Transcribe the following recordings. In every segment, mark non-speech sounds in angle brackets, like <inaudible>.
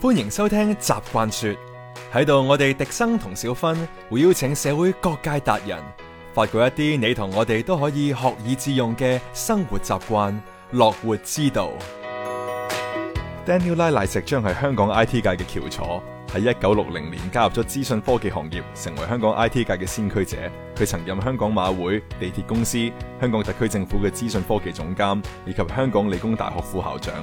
歡迎收聽習慣說，喺度我哋迪生同小芬會邀請社會各界達人，發掘一啲你同我哋都可以學以致用嘅生活習慣、樂活之道。Daniel Lai 賴石將係香港 IT 界嘅翹楚。喺一九六零年加入咗資訊科技行業，成為香港 I T 界嘅先驅者。佢曾任香港馬會、地鐵公司、香港特區政府嘅資訊科技總監，以及香港理工大學副校長。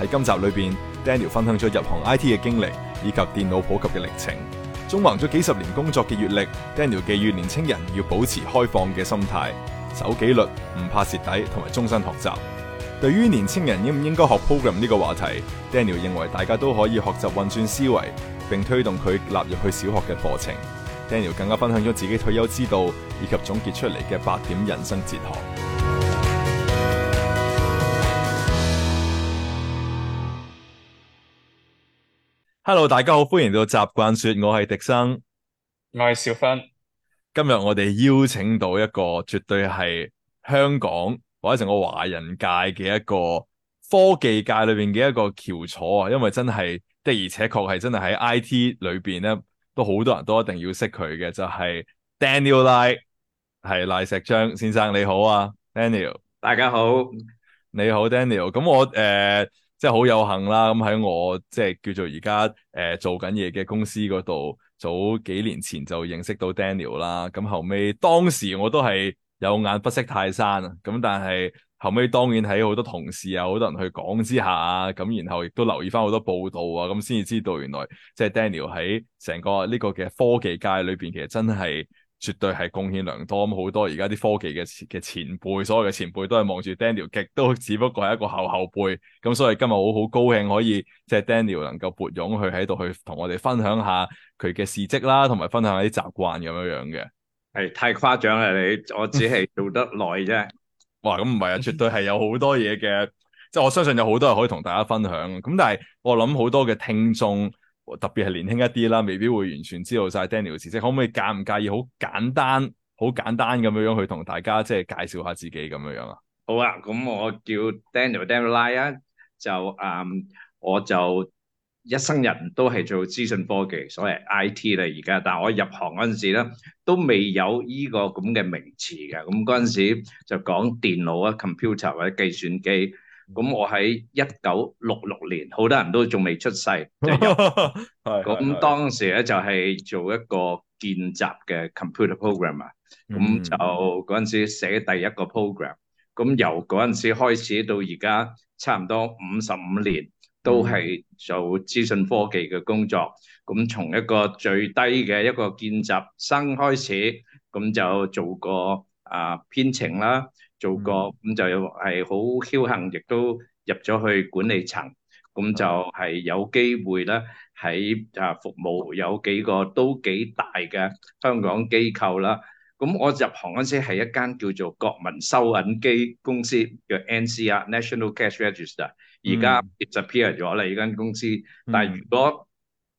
喺今集裏邊，Daniel 分享咗入行 I T 嘅經歷，以及電腦普及嘅歷程。縱橫咗幾十年工作嘅閱歷，Daniel 寄語年青人要保持開放嘅心態，守紀律，唔怕蝕底，同埋終身學習。對於年青人應唔應該學 program 呢個話題，Daniel 認為大家都可以學習運算思維。並推動佢納入去小學嘅課程。Daniel 更加分享咗自己退休之道，以及總結出嚟嘅八點人生哲學。 <music> Hello，大家好，歡迎到習慣說，我係迪生，我係小芬。今日我哋邀請到一個絕對係香港或者成個華人界嘅一個科技界裏邊嘅一個翹楚啊，因為真係。的而且確係真係喺 I T 裏邊咧，都好多人都一定要識佢嘅，就係、是、Daniel，Lai，係賴錫璋先生你好啊，Daniel，大家好，你好 Daniel，咁我誒、呃、即係好有幸啦，咁喺我即係叫做而家誒做緊嘢嘅公司嗰度，早幾年前就認識到 Daniel 啦，咁後尾當時我都係有眼不識泰山啊，咁但係。後尾當然喺好多同事啊，好多人去講之下啊，咁然後亦都留意翻好多報道啊，咁先至知道原來即係 Daniel 喺成個呢個嘅科技界裏邊，其實真係絕對係貢獻良多。咁好多而家啲科技嘅前嘅前輩，所有嘅前輩都係望住 Daniel，極都只不過係一個後後輩。咁所以今日我好高興可以即係 Daniel 能夠撥擁去喺度去同我哋分享下佢嘅事蹟啦，同埋分享下啲習慣咁樣樣嘅。係太誇張啦！你我只係做得耐啫。 <laughs> 哇，咁唔係啊，絕對係有好多嘢嘅，即係我相信有好多嘢可以同大家分享。咁但係我諗好多嘅聽眾，特別係年輕一啲啦，未必會完全知道晒 Daniel 嘅事蹟。即可唔可以介唔介意好簡單、好簡單咁樣樣去同大家即係介紹下自己咁樣樣啊？好啊，咁我叫 Daniel Daniel Lai 啊，aya, 就嗯，um, 我就。一生人都係做資訊科技，所謂 IT 咧而家。但係我入行嗰陣時咧，都未有呢個咁嘅名詞嘅。咁嗰陣時就講電腦啊，computer 或者計算機。咁我喺一九六六年，好多人都仲未出世。咁 <laughs> 當時咧就係、是、做一個見習嘅 computer programmer。咁 <laughs> 就嗰陣時寫第一個 program。咁由嗰陣時開始到而家，差唔多五十五年。都係做資訊科技嘅工作，咁從一個最低嘅一個見習生開始，咁就做過啊編程啦，做過咁就係好僥倖，亦都入咗去管理層，咁就係有機會啦。喺啊服務有幾個都幾大嘅香港機構啦。咁我入行嗰陣時係一間叫做國民收銀機公司，叫 NCR National Cash Register。而家 disappear 咗啦，呢間公司。但係如果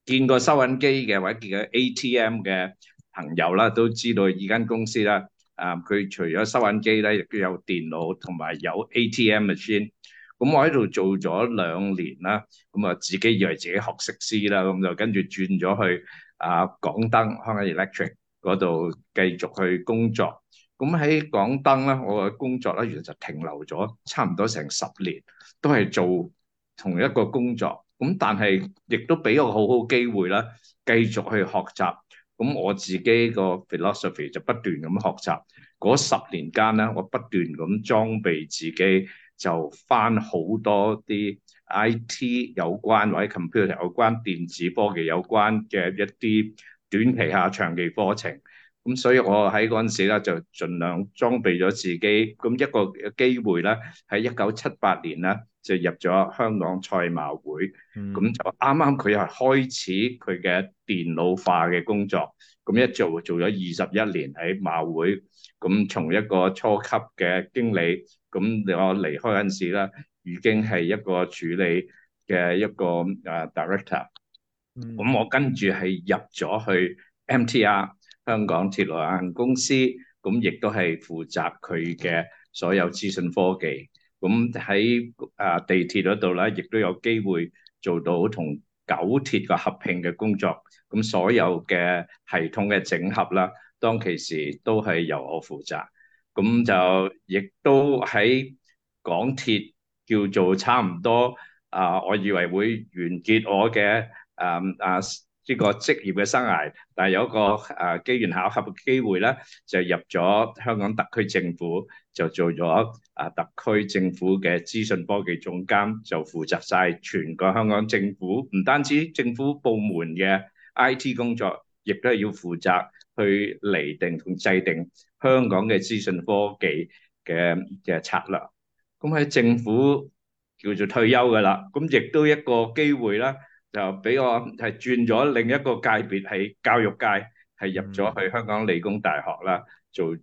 見過收銀機嘅，或者見過 ATM 嘅朋友啦，都知道呢間公司啦。啊，佢除咗收銀機咧，亦都有電腦同埋有 ATM machine。咁我喺度做咗兩年啦，咁啊自己以為自己學識師啦，咁就跟住轉咗去啊港燈香港 Electric 嗰度繼續去工作。咁喺港燈咧，我嘅工作咧，原來就停留咗差唔多成十年。都係做同一個工作，咁但係亦都俾我好好機會啦，繼續去學習。咁我自己個 philosophy 就不斷咁學習。嗰十年間咧，我不斷咁裝備自己，就翻好多啲 IT 有關或者 computer 有關、電子科技有關嘅一啲短期下長期課程。咁所以，我喺嗰陣時咧，就盡量裝備咗自己。咁一個機會咧，喺一九七八年咧，就入咗香港賽馬會。咁、嗯、就啱啱佢係開始佢嘅電腦化嘅工作。咁一做做咗二十一年喺馬會。咁從一個初級嘅經理，咁我離開嗰陣時咧，已經係一個處理嘅一個啊、uh, director、嗯。咁我跟住係入咗去 MTR。香港鐵路有限公司，咁亦都係負責佢嘅所有資訊科技，咁喺啊地鐵嗰度咧，亦都有機會做到同九鐵個合併嘅工作，咁所有嘅系統嘅整合啦，當其時都係由我負責，咁就亦都喺港鐵叫做差唔多啊，我以為會完結我嘅啊啊。呢個職業嘅生涯，但係有一個誒機緣巧合嘅機會咧，就入咗香港特區政府，就做咗啊特區政府嘅資訊科技總監，就負責晒全個香港政府，唔單止政府部門嘅 IT 工作，亦都係要負責去釐定同制定香港嘅資訊科技嘅嘅策略。咁喺政府叫做退休㗎喇，咁亦都一個機會啦。就俾我係轉咗另一個界別喺教育界，係入咗去香港理工大學啦，做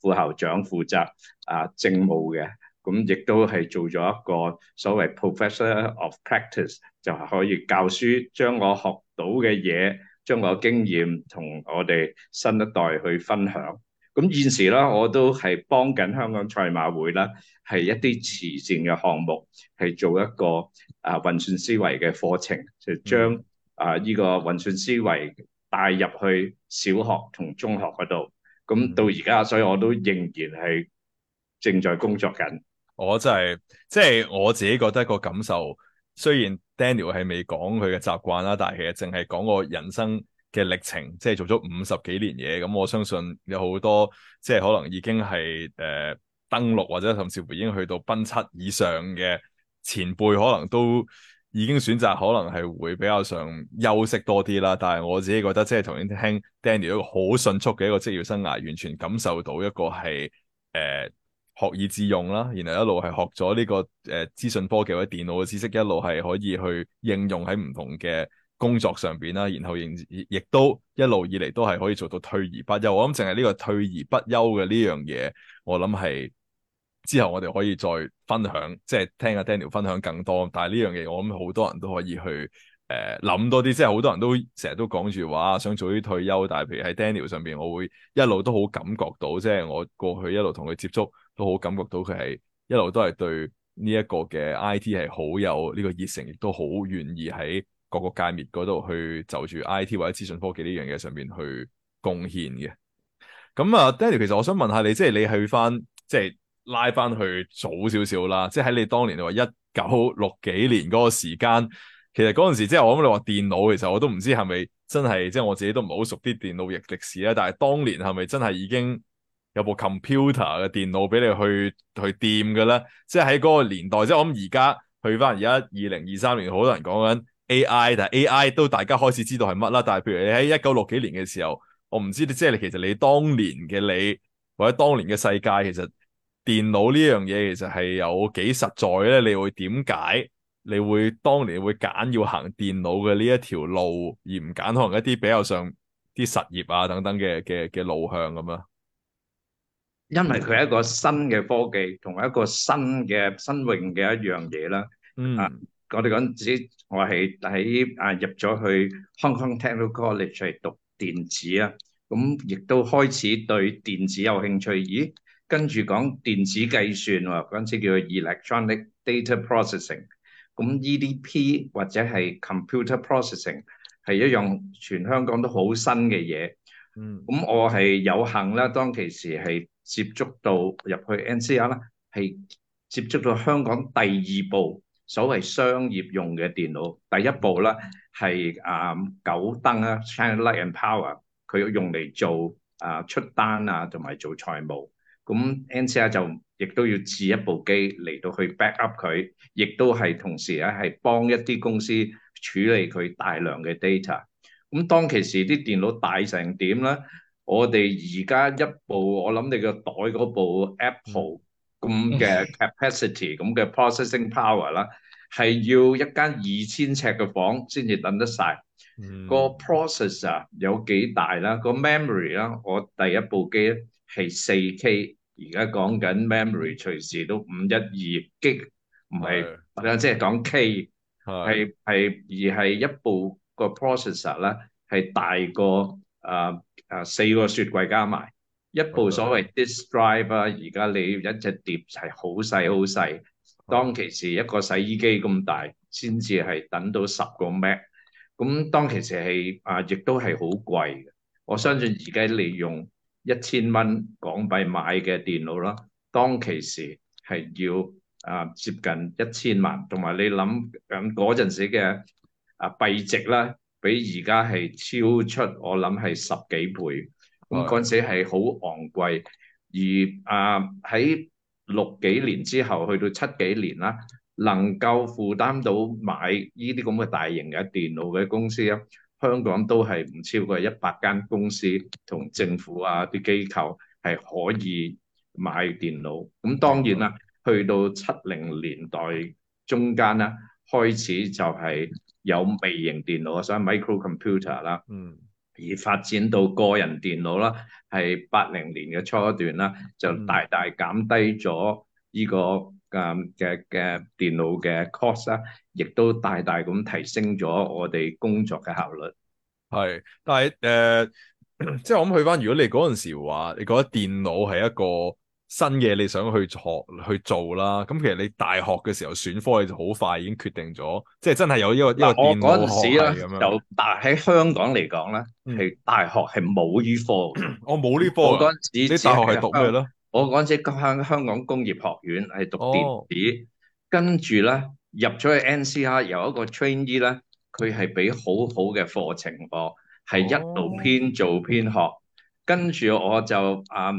副校長負責啊政務嘅，咁、嗯、亦都係做咗一個所謂 professor of practice，就係可以教書，將我學到嘅嘢，將我嘅經驗同我哋新一代去分享。咁現時咧，我都係幫緊香港賽馬會咧，係一啲慈善嘅項目，係做一個啊、呃、運算思維嘅課程，就將啊呢個運算思維帶入去小學同中學嗰度。咁到而家，所以我都仍然係正在工作緊。我真係即係我自己覺得個感受，雖然 Daniel 係未講佢嘅習慣啦，但係其實淨係講我人生。嘅歷程，即係做咗五十幾年嘢，咁我相信有好多，即係可能已經係誒、呃、登陸或者甚至乎已經去到奔七以上嘅前輩，可能都已經選擇可能係會比較上休息多啲啦。但係我自己覺得，即係頭先聽 Daniel 一個好迅速嘅一個職業生涯，完全感受到一個係誒、呃、學以致用啦。然後一路係學咗呢、這個誒、呃、資訊科技或者電腦嘅知識，一路係可以去應用喺唔同嘅。工作上邊啦，然後亦亦都一路以嚟都係可以做到退而不休。我諗淨係呢個退而不休嘅呢樣嘢，我諗係之後我哋可以再分享，即係聽阿 Daniel 分享更多。但係呢樣嘢，我諗好多人都可以去誒諗、呃、多啲。即係好多人都成日都講住話想早啲退休，但係譬如喺 Daniel 上邊，我會一路都好感覺到，即係我過去一路同佢接觸，都好感覺到佢係一路都係對呢一個嘅 IT 係好有呢、呢個熱誠，亦都好願意喺。各個界別嗰度去就住 I.T. 或者資訊科技呢樣嘢上面去貢獻嘅。咁啊 Daniel 其實我想問下你，即係你去翻，即係拉翻去早少少啦。即係喺你當年你話一九六幾年嗰個時間，其實嗰陣時，即係我諗你話電腦，其實我都唔知係咪真係，即係我自己都唔係好熟啲電腦嘅歷史咧。但係當年係咪真係已經有部 computer 嘅電腦俾你去去掂嘅咧？即係喺嗰個年代，即係我諗而家去翻而家二零二三年，好多人講緊 A.I. 但係 A.I. 都大家開始知道係乜啦。但係譬如你喺一九六幾年嘅時候，我唔知你，即係你其實你當年嘅你，或者當年嘅世界，其實電腦呢樣嘢其實係有幾實在咧？你會點解你會當年會揀要行電腦嘅呢一條路，而唔揀可能一啲比較上啲實業啊等等嘅嘅嘅路向咁啊？因為佢係一個新嘅科技，同埋一個新嘅新穎嘅一樣嘢啦。嗯，啊、我哋講自己。我係喺啊入咗去 Hong Kong Technical College 嚟讀電子啊，咁亦都開始對電子有興趣。咦，跟住講電子計算喎、啊，嗰陣時叫 Electronic Data Processing，咁 EDP 或者係 Computer Processing 係一樣全香港都好新嘅嘢。嗯，咁我係有幸啦，當其時係接觸到入去 NCR 啦，係接觸到香港第二部。所謂商業用嘅電腦，第一部咧係啊九燈啊，China Light and Power，佢用嚟做啊出單啊，同埋做財務。咁 NCR 就亦都要置一部機嚟到去 backup 佢，亦都係同時咧係幫一啲公司處理佢大量嘅 data。咁當其時啲電腦大成點咧，我哋而家一部，我諗你個袋嗰部 Apple。咁嘅 <laughs> capacity，咁嘅 processing power 啦，係要一間二千尺嘅房先至等得晒。個、嗯、processor 有幾大啦？個 memory 啦，我第一部機咧，係四 K，而家講緊 memory 隨時都五一二擊，唔係即係講 K 係是，係是，而係一部 pro 個 processor 咧，係大過誒誒四個雪櫃加埋。一部所謂 disk drive 而家你一隻碟係好細好細，當其時一個洗衣機咁大先至係等到十個 mac。咁當其時係啊，亦都係好貴嘅。我相信而家你用一千蚊港幣買嘅電腦啦，當其時係要啊接近一千萬，同埋你諗咁嗰陣時嘅啊幣值啦，比而家係超出我諗係十幾倍。咁嗰陣時係好昂貴，而啊喺六幾年之後，去到七幾年啦，能夠負擔到買呢啲咁嘅大型嘅電腦嘅公司啊，香港都係唔超過一百間公司同政府啊啲機構係可以買電腦。咁當然啦，去到七零年代中間啦，開始就係有微型電腦啊，所以 microcomputer 啦。而發展到個人電腦啦，係八零年嘅初段啦，就大大減低咗依、呢個嘅嘅、嗯、電腦嘅 cost 啦，亦都大大咁提升咗我哋工作嘅效率。係，但係誒，即係我諗去返，如果你嗰陣時話，你覺得電腦係一個新嘢你想去學去做啦，咁其實你大學嘅時候選科，你就好快已經決定咗，即係真係有呢個時一個電腦學系咁樣。有但喺香港嚟講咧，係、嗯、大學係冇呢科、哦科啊、我冇呢科，我嗰陣時呢，大學係讀咩咧？我嗰陣時香香港工業學院係讀電子，哦、跟住咧入咗去 NCR 有一個 trainee 咧，佢係俾好好嘅課程喎，係一路邊做邊學，嗯、跟住我就啊。Um,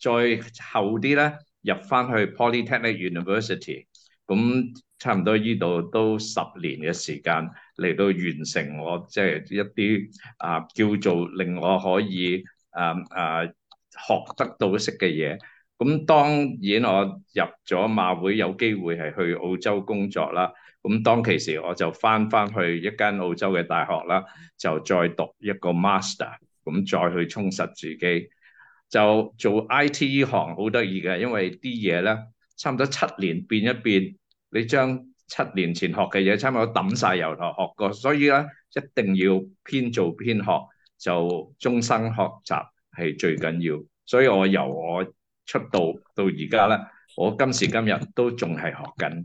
再後啲咧，入翻去 Polytechnic University，咁差唔多呢度都十年嘅時間嚟到完成我即係、就是、一啲啊叫做令我可以啊啊學得到識嘅嘢。咁當然我入咗馬會有機會係去澳洲工作啦。咁當其時我就翻翻去一間澳洲嘅大學啦，就再讀一個 master，咁再去充實自己。就做 I T 依行好得意嘅，因為啲嘢咧差唔多七年變一變。你將七年前學嘅嘢差唔多抌晒，由頭學過。所以咧一定要邊做邊學，就終生學習，係最緊要。所以我由我出道到而家咧，我今時今日都仲係學緊。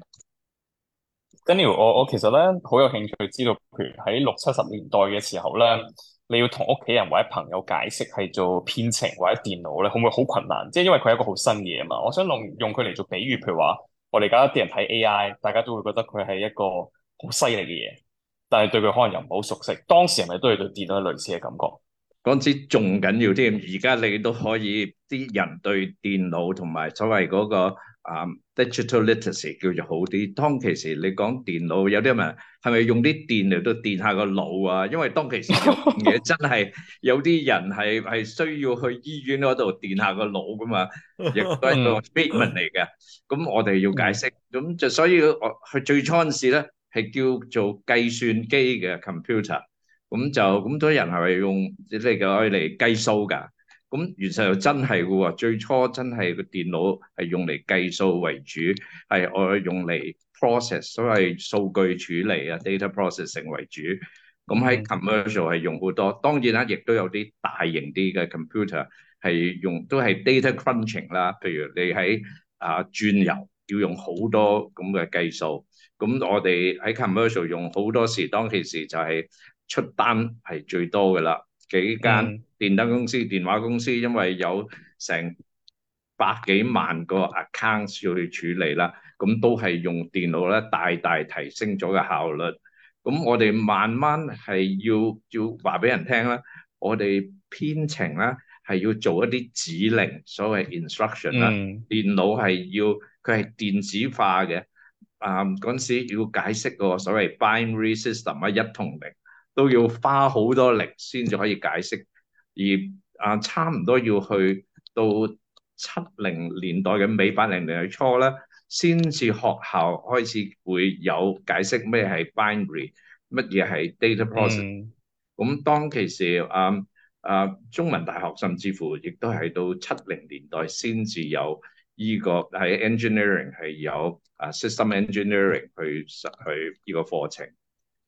Daniel，我我其實咧好有興趣知道，譬如喺六七十年代嘅時候咧。你要同屋企人或者朋友解釋係做編程或者電腦咧，會唔會好困難？即係因為佢係一個好新嘅嘢嘛。我想用佢嚟做比喻，譬如話我哋而家啲人睇 AI，大家都會覺得佢係一個好犀利嘅嘢，但係對佢可能又唔好熟悉。當時係咪都係對電腦類似嘅感覺？嗰陣時仲緊要啲，而家你都可以啲人對電腦同埋所謂嗰個。啊，digital literacy 叫做好啲。當其時，你講電腦有啲咪係咪用啲電嚟到電下個腦啊？因為當其時嘅嘢真係有啲人係係需要去醫院嗰度電下個腦噶嘛，亦都係一個 treatment 嚟嘅。咁我哋要解釋。咁就所以我佢最初嗰陣時咧，係叫做計算機嘅 computer。咁就咁多人係咪用呢個可以嚟計數㗎？咁原實又真係嘅喎，最初真係個電腦係用嚟計數為主，係我用嚟 process 所謂數據處理啊 data processing 為主。咁喺 commercial 係用好多，當然啦，亦都有啲大型啲嘅 computer 係用都係 data crunching 啦。譬如你喺啊轉油要用好多咁嘅計數。咁我哋喺 commercial 用好多時，當其時就係出單係最多嘅啦，幾間。嗯電燈公司、電話公司，因為有成百幾萬個 accounts 要去處理啦，咁都係用電腦咧，大大提升咗嘅效率。咁我哋慢慢係要要話俾人聽啦，我哋編程啦係要做一啲指令，所謂 instruction 啦，電腦係要佢係電子化嘅。啊、呃，嗰陣時要解釋個所謂 binary system 啊，一同零都要花好多力先至可以解釋。而啊，差唔多要去到七零年代嘅尾，八零年代初咧，先至學校開始會有解釋咩係 binary，乜嘢係 data process、嗯咁當其時啊啊，中文大學甚至乎亦都係到七零年代先至有依個喺 engineering 系有啊 system engineering 去實去呢個課程。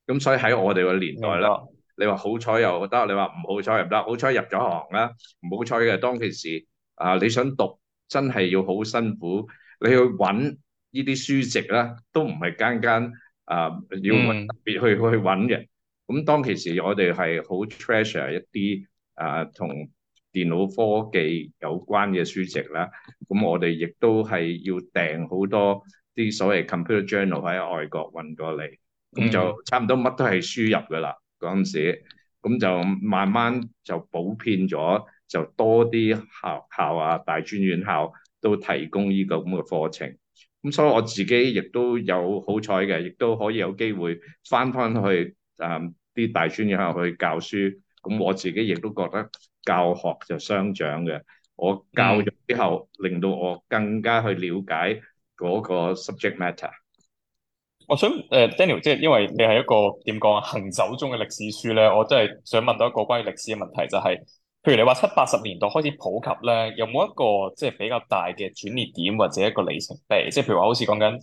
咁所以喺我哋個年代啦。嗯嗯你話好彩又得，你話唔好彩又得，好彩入咗行啦，唔好彩嘅當其時啊、呃！你想讀真係要好辛苦，你去揾呢啲書籍啦，都唔係間間啊、呃、要特別去去揾嘅。咁、嗯嗯嗯、當其時我哋係好 treasure 一啲啊同電腦科技有關嘅書籍啦。咁、嗯嗯嗯、我哋亦都係要訂好多啲所謂 computer journal 喺外國運過嚟，咁就差唔多乜都係輸入噶啦。嗰陣時，咁就慢慢就普遍咗，就多啲學校,校啊、大專院校都提供呢個咁嘅課程。咁所以我自己亦都有好彩嘅，亦都可以有機會翻返去誒啲、嗯、大專院校去教書。咁我自己亦都覺得教學就相長嘅，我教咗之後，令到我更加去了解嗰個 subject matter。我想誒、呃、Daniel，即係因為你係一個點講啊，行走中嘅歷史書咧，我真係想問到一個關於歷史嘅問題，就係、是，譬如你話七八十年代開始普及咧，有冇一個即係比較大嘅轉捩點或者一個里程碑？即係譬如話好似講緊誒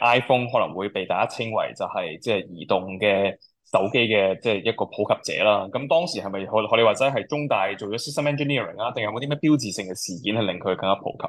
iPhone 可能會被大家稱為就係、是，即係移動嘅手機嘅即係一個普及者啦。咁當時係咪可可你話齋係中大做咗 system engineering 啊？定有冇啲咩標誌性嘅事件係令佢更加普及？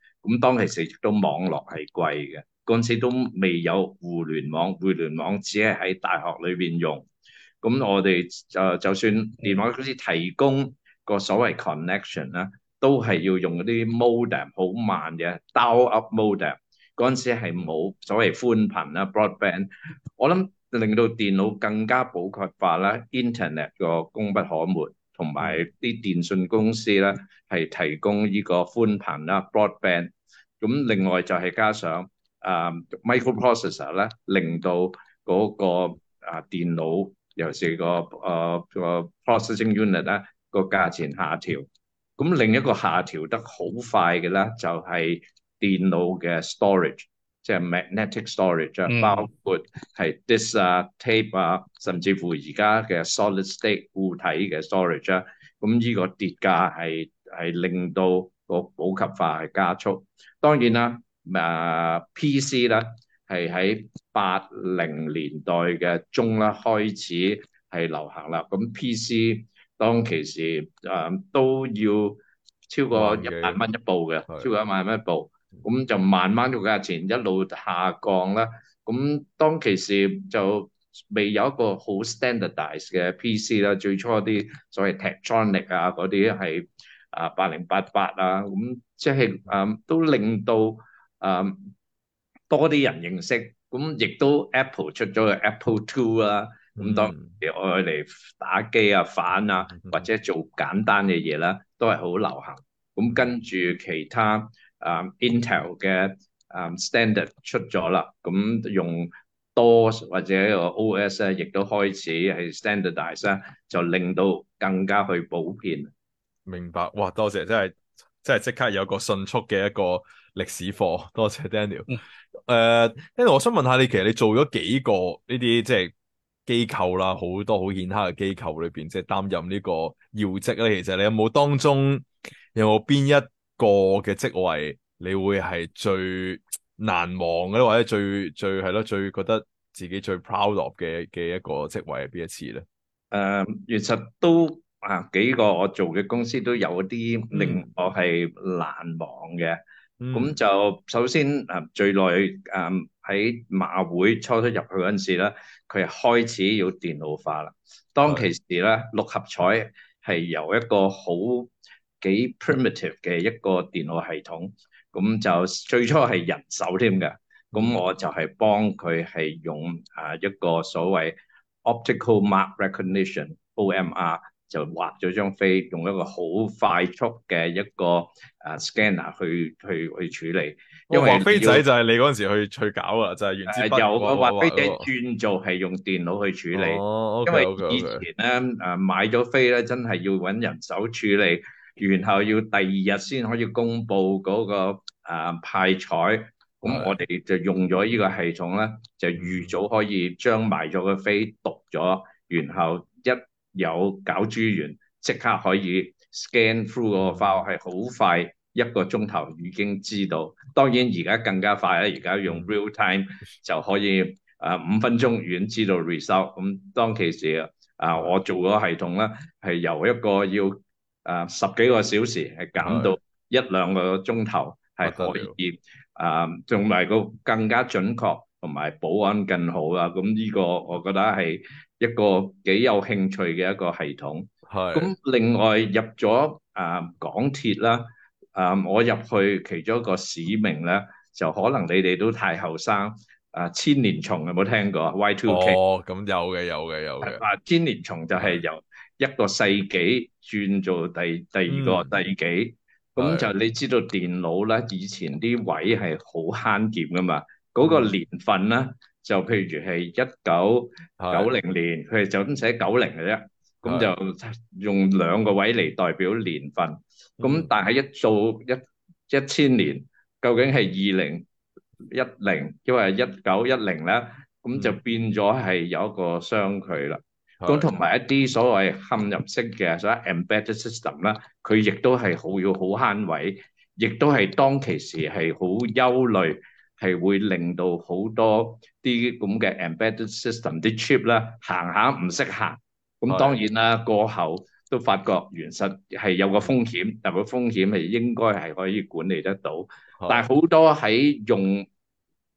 咁當其時亦都網絡係貴嘅，嗰陣時都未有互聯網，互聯網只係喺大學裏邊用。咁我哋誒就，就算電話公司提供個所謂 connection 啦，都係要用嗰啲 modem 好慢嘅 dial up modem。嗰陣時係冇所謂寬頻啦，broadband。我諗令到電腦更加普及化啦，internet 個功不可沒。同埋啲電訊公司咧，係提供呢個寬頻啦 （Broadband）。咁 Broad 另外就係加上誒、uh, microprocessor 咧，令到嗰、那個啊電腦尤其是一、那個誒、uh, processing unit 咧個價錢下調。咁另一個下調得好快嘅咧，就係、是、電腦嘅 storage。即係 magnetic storage 啊，包括係 disk 啊、tape 啊，甚至乎而家嘅 solid state 固體嘅 storage 啊，咁依個跌價係係令到個普及化係加速。當然啦，啊 PC 咧係喺八零年代嘅中咧開始係流行啦。咁 PC 當其時誒都要超過一萬蚊一部嘅，超過一萬蚊一部。咁就慢慢個價錢一路下降啦。咁當其時就未有一個好 standardize 嘅 PC 啦。最初啲所謂 Tectronic 啊，嗰啲係啊八零八八啊，咁即係啊都令到啊、嗯、多啲人認識。咁亦都 Apple 出咗個 Apple Two 啊。咁當時我哋打機啊、反啊，或者做簡單嘅嘢啦，都係好流行。咁跟住其他。啊、um,，Intel 嘅啊、um, standard 出咗啦，咁用 DOS 或者個 OS 咧，亦都開始係 standardisation 就令到更加去普遍。明白，哇，多謝，真係真係即刻有個迅速嘅一個歷史課，多謝 Daniel。誒、嗯 uh,，Daniel，我想問下你，其實你做咗幾個呢啲即係機構啦，好多好顯赫嘅機構裏邊，即係擔任呢個要職咧。其實你有冇當中有冇邊一？個嘅職位，你會係最難忘嘅咧？或者最最係咯，最覺得自己最 proud of 嘅嘅一個職位係邊一次咧？誒，其實都啊幾個我做嘅公司都有啲令我係難忘嘅。咁、嗯、就首先啊，最耐誒喺馬會初初入去嗰陣時咧，佢開始要電腦化啦。當其時咧，六合彩係由一個好幾 primitive 嘅一個電腦系統，咁就最初係人手添嘅。咁我就係幫佢係用啊一個所謂 optical mark recognition（OMR） 就畫咗張飛，用一個好快速嘅一個啊 scanner 去去去，去處理。因為畫飛仔就係你嗰陣時去去搞啊，就係、原係、有個畫飛仔轉做係用電腦去處理。哦、okay, okay, okay. 因為以前咧啊買咗飛咧，真係要揾人手處理。然後要第二日先可以公布嗰、那個啊、呃、派彩，咁我哋就用咗呢個系統咧，就預早可以將埋咗嘅飛讀咗，然後一有攪珠完，即刻可以 scan through 個 file 係好快，一個鐘頭已經知道。當然而家更加快咧，而家用 real time 就可以啊五、呃、分鐘已經知道 result、嗯。咁當其時啊、呃，我做嗰個系統咧係由一個要。誒，uh, 十幾個小時係減到的一兩個鐘頭係可以，誒，仲埋個更加準確同埋保安更好啦。咁呢個我覺得係一個幾有興趣嘅一個系統。係咁的，另外入咗誒、嗯啊、港鐵啦，誒、啊，我入去其中一個使命咧，就可能你哋都太後生。誒、啊，千年蟲有冇聽過？Y2K 哦，咁有嘅，有嘅，有嘅。誒、啊，千年蟲就係由。一個世紀轉做第第二個、嗯、第幾，咁、嗯、就你知道電腦咧，以前啲位係好慳儉㗎嘛，嗰、嗯、個年份咧就譬如係一九九零年，佢係就咁寫九零嘅啫，咁、嗯、就用兩個位嚟代表年份，咁、嗯、但係一做一一千年，究竟係二零一零，亦或係一九一零咧，咁就變咗係有一個相距啦。咁同埋一啲所謂嵌入式嘅，所謂 embedded system 啦，佢亦都係好要好慳位，亦都係當其時係好憂慮，係會令到好多啲咁嘅 embedded system 啲 chip 啦行下唔識行。咁當然啦，過後都發覺原實係有個風險，但個風險係應該係可以管理得到。但係好多喺用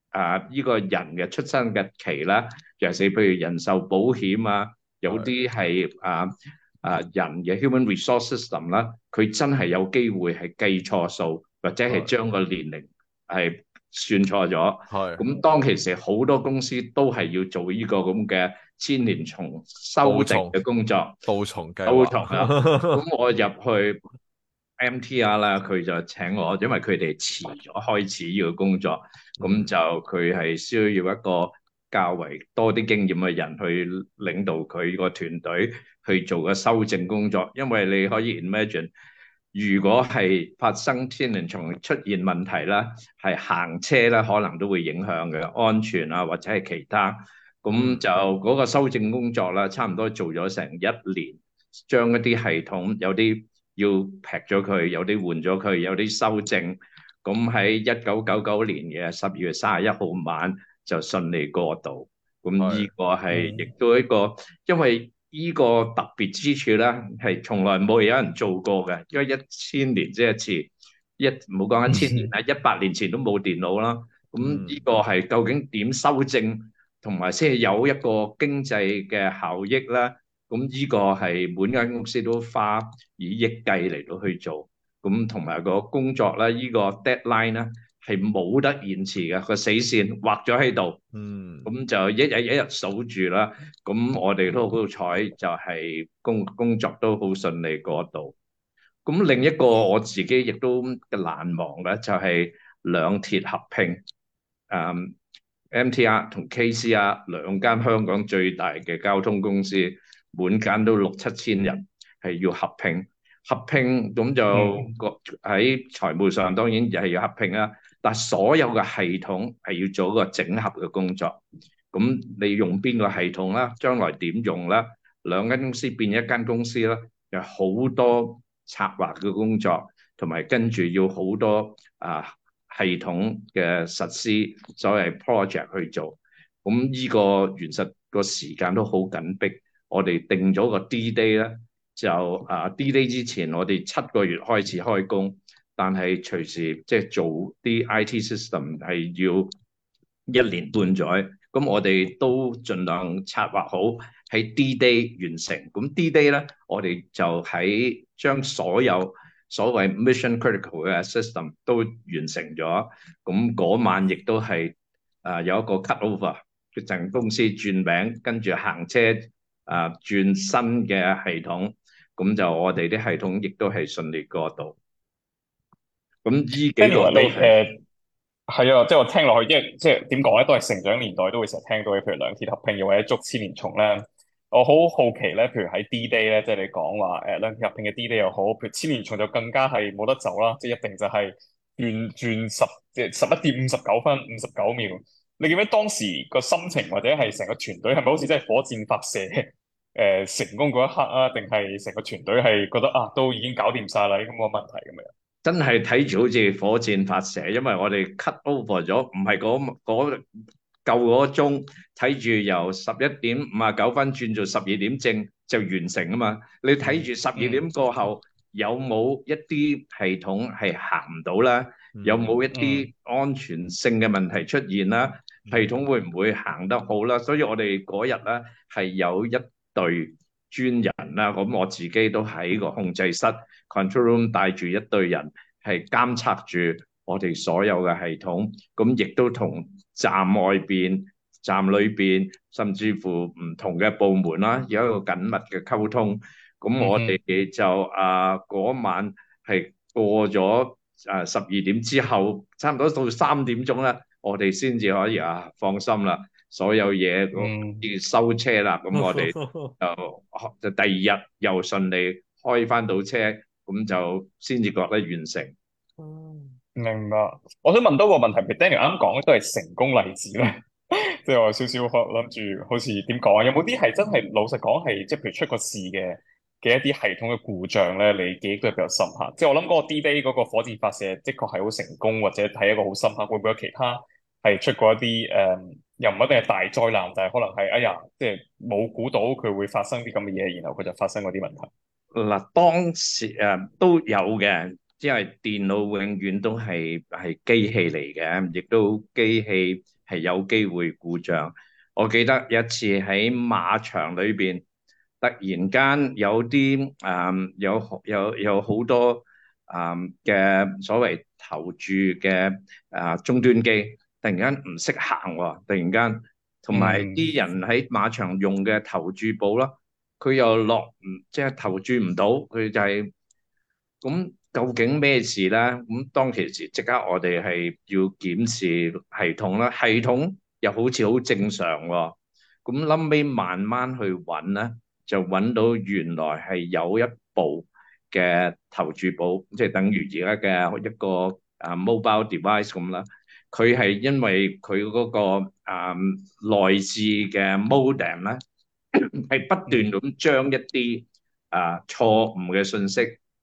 啊呢個人嘅出生日期啦，尤其係譬如人壽保險啊。有啲係啊啊人嘅 human resource system 啦，佢真係有機會係計錯數，或者係將個年齡係算錯咗。係咁的，當其時好多公司都係要做呢個咁嘅千年蟲修訂嘅工作。倒蟲計劃。咁 <laughs> 我入去 MTR 啦，佢就請我，因為佢哋遲咗開始呢個工作，咁就佢係需要一個。較為多啲經驗嘅人去領導佢個團隊去做個修正工作，因為你可以 imagine，如果係發生千年蟲出現問題啦，係行車啦，可能都會影響嘅安全啊，或者係其他。咁就嗰個修正工作啦，差唔多做咗成一年，將一啲系統有啲要劈咗佢，有啲換咗佢，有啲修正。咁喺一九九九年嘅十二月三十一號晚。就順利過渡，咁呢個係亦都一個，的因為呢個特別之處咧，係從來冇有，有人做過嘅，因為一千年只一次，一唔好講一千年啦， <laughs> 一百年前都冇電腦啦，咁呢個係究竟點修正，同埋先係有一個經濟嘅效益啦，咁呢個係每間公司都花以億計嚟到去做，咁同埋個工作啦，呢個、呢個 deadline 啦。係冇得延遲嘅，個死線畫咗喺度。嗯，咁就一日一日數住啦。咁我哋都好彩，就係工工作都好順利嗰度。咁另一個我自己亦都嘅難忘嘅，就係兩鐵合併。誒，MTR 同 KCR 兩間香港最大嘅交通公司，每間都六七千人，係要合併。合併咁就個喺財務上當然係要合併啦。但所有嘅系統係要做一個整合嘅工作，咁你用邊個系統啦？將來點用啦？兩間公司變一間公司啦，有好多策劃嘅工作，同埋跟住要好多啊系統嘅實施，所謂 project 去做。咁、嗯、呢、呢個其實個時間都好緊迫，我哋定咗個 D-Day 咧，就啊 D-Day 之前我哋七個月開始開工。但係隨時即係做啲 I T system 係要一年半載，咁我哋都盡量策劃好喺 D Day 完成。咁 D Day 咧，我哋就喺將所有所謂 mission critical 嘅 system 都完成咗。咁嗰晚亦都係啊有一個 cut over，決定公司轉名，跟住行車啊轉新嘅系統。咁就我哋啲系統亦都係順利過渡。咁住幾 Daniel, 你？誒係啊，即係我聽落去，即係即係點講咧？都係成長年代都會成日聽到嘅，譬如兩鐵合併又或者捉千年蟲咧。我好好奇咧，譬如喺 D Day 咧，即係你講話誒兩鐵合併嘅 D Day 又好，譬如千年蟲就更加係冇得走啦，即係一定就係轉轉十即係十一點五十九分五十九秒。你記唔記得當時個心情或者係成個團隊係咪好似真係火箭發射誒、呃、成功嗰一刻啊？定係成個團隊係覺得啊都已經搞掂晒啦，咁個問題咁樣？真係睇住好似火箭發射，因為我哋 cut over 咗，唔係嗰嗰舊嗰鐘睇住由十一點五啊九分轉做十二點正就完成啊嘛。你睇住十二點過後有冇一啲系統係行唔到啦？有冇一啲安全性嘅問題出現啦？系統會唔會行得好啦？所以我哋嗰日咧係有一隊專人啦，咁我自己都喺個控制室。control room 帶住一隊人係監測住我哋所有嘅系統，咁亦都同站外邊、站裏邊，甚至乎唔同嘅部門啦，有一個緊密嘅溝通。咁、嗯、我哋就啊，嗰晚係過咗啊十二點之後，差唔多到三點鐘啦，我哋先至可以啊放心啦，所有嘢都要收車啦。咁、嗯、我哋就就 <laughs> 第二日又順利開翻到車。咁就先至覺得完成。嗯，明白。我想問多個問題，譬如 Daniel 啱講咧，都係成功例子啦，即係、嗯、 <laughs> 我少少諗住，好似點講啊？有冇啲係真係老實講係，即係譬如出過事嘅嘅一啲系統嘅故障咧，你記憶都係比較深刻。即係我諗嗰個 D-Day 嗰個火箭發射，的確係好成功，或者係一個好深刻。會唔會有其他係出過一啲誒、嗯？又唔一定係大災難，但係可能係哎呀，即係冇估到佢會發生啲咁嘅嘢，然後佢就發生嗰啲問題。嗱，當時誒、呃、都有嘅，因為電腦永遠都係係機器嚟嘅，亦都機器係有機會故障。我記得有一次喺馬場裏邊，突然間有啲誒、呃、有有有好多誒嘅、呃、所謂投注嘅誒終端機，突然間唔識行喎，突然間同埋啲人喺馬場用嘅投注簿啦。嗯嗯佢又落唔，即係投注唔到，佢就係咁究竟咩事咧？咁當其時即刻我哋係要檢視系統啦，系統又好似好正常喎。咁諗尾慢慢去揾咧，就揾到原來係有一部嘅投注寶，即係等於而家嘅一個啊 mobile device 咁啦。佢係因為佢嗰個啊內置嘅 modem 咧，係不斷咁將一啲啊錯誤嘅信息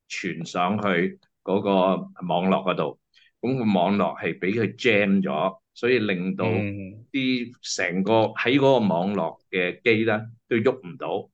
傳上去嗰個網絡嗰度，咁個網絡係俾佢 jam 咗，所以令到啲成個喺嗰個網絡嘅機咧都喐唔到。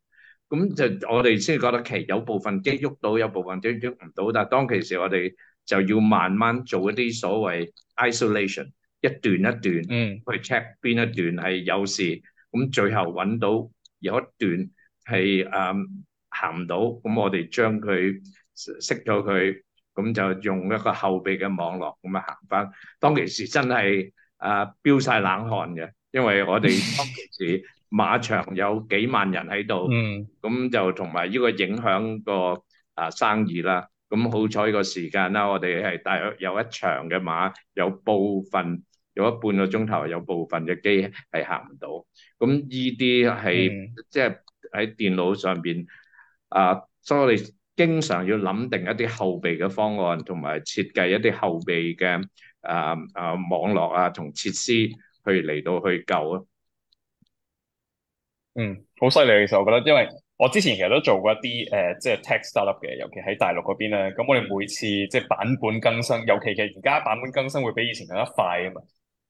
咁就我哋先覺得其實有部分機喐到，有部分機喐唔到。但係當其時我哋就要慢慢做一啲所謂 isolation，一段一段去 check 邊一段係有事，咁最後揾到。有一段係誒行唔到，咁、嗯、我哋將佢熄咗佢，咁就用一個後備嘅網絡咁樣行翻。當其時真係誒飆晒冷汗嘅，因為我哋當其時馬場有幾萬人喺度，咁 <laughs> 就同埋呢個影響個啊、呃、生意啦。咁好彩個時間啦，我哋係大約有一場嘅馬有部分。有一半個鐘頭，有部分嘅機係行唔到，咁依啲係即係喺電腦上邊啊，所以我哋經常要諗定一啲後備嘅方案，同埋設計一啲後備嘅啊啊網絡啊同設施去嚟到去，去，去，去救咯。嗯，好犀利嘅時候，我覺得，因為我之前其實都做過一啲誒、呃、即係 tech startup 嘅，尤其喺大陸嗰邊啊，咁我哋每次即係版本更新，尤其其實而家版本更新會比以前更加快啊嘛。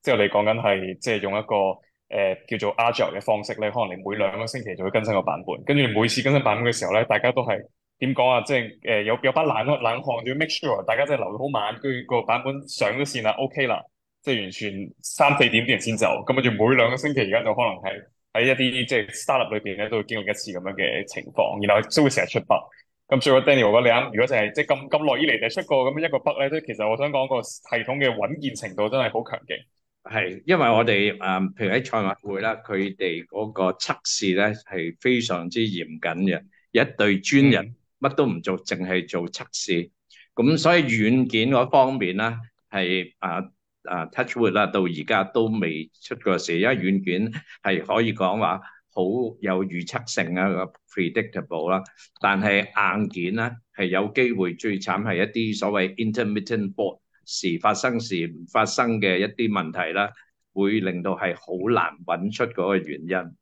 即係你講緊係，即係用一個誒、呃、叫做 Agile 嘅方式咧，你可能你每兩個星期就會更新個版本，跟住每次更新版本嘅時候咧，大家都係點講啊？即係誒、呃、有有把冷冷汗要 make sure 大家真係留到好晚，跟住個版本上咗線啦，OK 啦，即係完全三四點啲人先走，咁跟住每兩個星期而家就可能係喺一啲即係 startup 裏邊咧都會經歷一次咁樣嘅情況，然後都會成日出 bug，咁所以我 Daniel 你諗。如果就係、是、即係咁咁耐以嚟就出個咁一個 bug 咧，即其實我想講、這個系統嘅穩健程度真係好強勁。係，因為我哋啊、呃，譬如喺賽馬會啦，佢哋嗰個測試咧係非常之嚴謹嘅，一隊專人乜都唔做，淨係做測試。咁所以軟件嗰方面咧係啊啊 Touchwood 啦，到而家都未出過事，因為軟件係可以講話好有預測性啊，predictable 啦。但係硬件咧係有機會，最慘係一啲所謂 intermittent fault。時發生、時唔發生嘅一啲問題啦，會令到係好難揾出嗰個原因。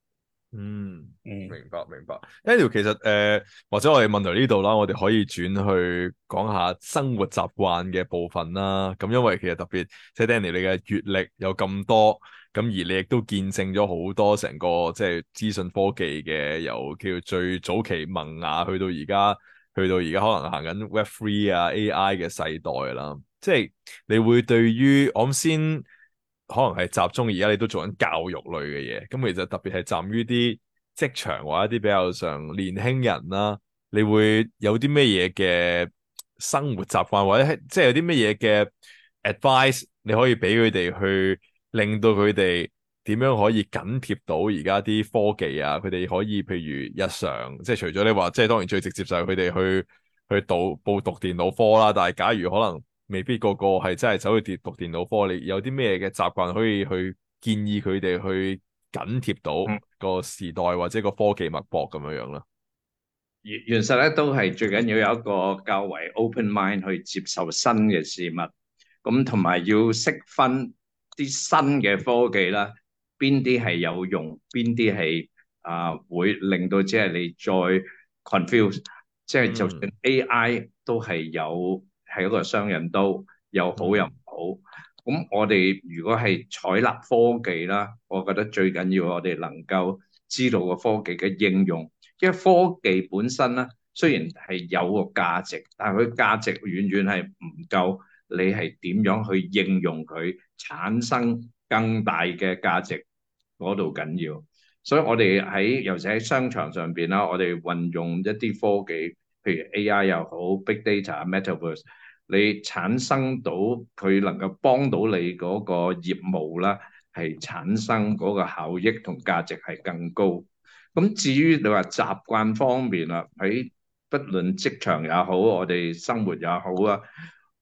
嗯，明白明白。Daniel、anyway, 其實誒、呃，或者我哋問到呢度啦，我哋可以轉去講下生活習慣嘅部分啦。咁因為其實特別即係、就是、Daniel 你嘅閲歷有咁多，咁而你亦都見證咗好多成個即係資訊科技嘅由叫最早期萌芽去到而家，去到而家可能行緊 Web Three 啊 AI 嘅世代啦。即係你會對於，我諗先可能係集中而家你都做緊教育類嘅嘢，咁其實特別係站於啲職場或者一啲比較上年輕人啦，你會有啲咩嘢嘅生活習慣，或者即係有啲咩嘢嘅 advice，你可以俾佢哋去令到佢哋點樣可以緊貼到而家啲科技啊，佢哋可以譬如日常，即係除咗你話，即係當然最直接就係佢哋去去讀報讀電腦科啦，但係假如可能。未必個個係真係走去電讀電腦科，你有啲咩嘅習慣可以去建議佢哋去緊貼到個時代或者個科技脈搏，咁樣樣咧、嗯？原原實咧都係最緊要有一個較為 open mind 去接受新嘅事物，咁同埋要識分啲新嘅科技啦，邊啲係有用，邊啲係啊會令到即係你再 confuse，即係就算 A I 都係有。嗯係一個雙刃刀，又好又唔好。咁我哋如果係採納科技啦，我覺得最緊要我哋能夠知道個科技嘅應用，因為科技本身咧雖然係有個價值，但係佢價值遠遠係唔夠。你係點樣去應用佢，產生更大嘅價值嗰度緊要。所以我哋喺尤其喺商場上邊啦，我哋運用一啲科技，譬如 A.I. 又好，Big Data、Metaverse。你產生到佢能夠幫到你嗰個業務啦，係產生嗰個效益同價值係更高。咁至於你話習慣方面啦，喺不論職場也好，我哋生活也好啊，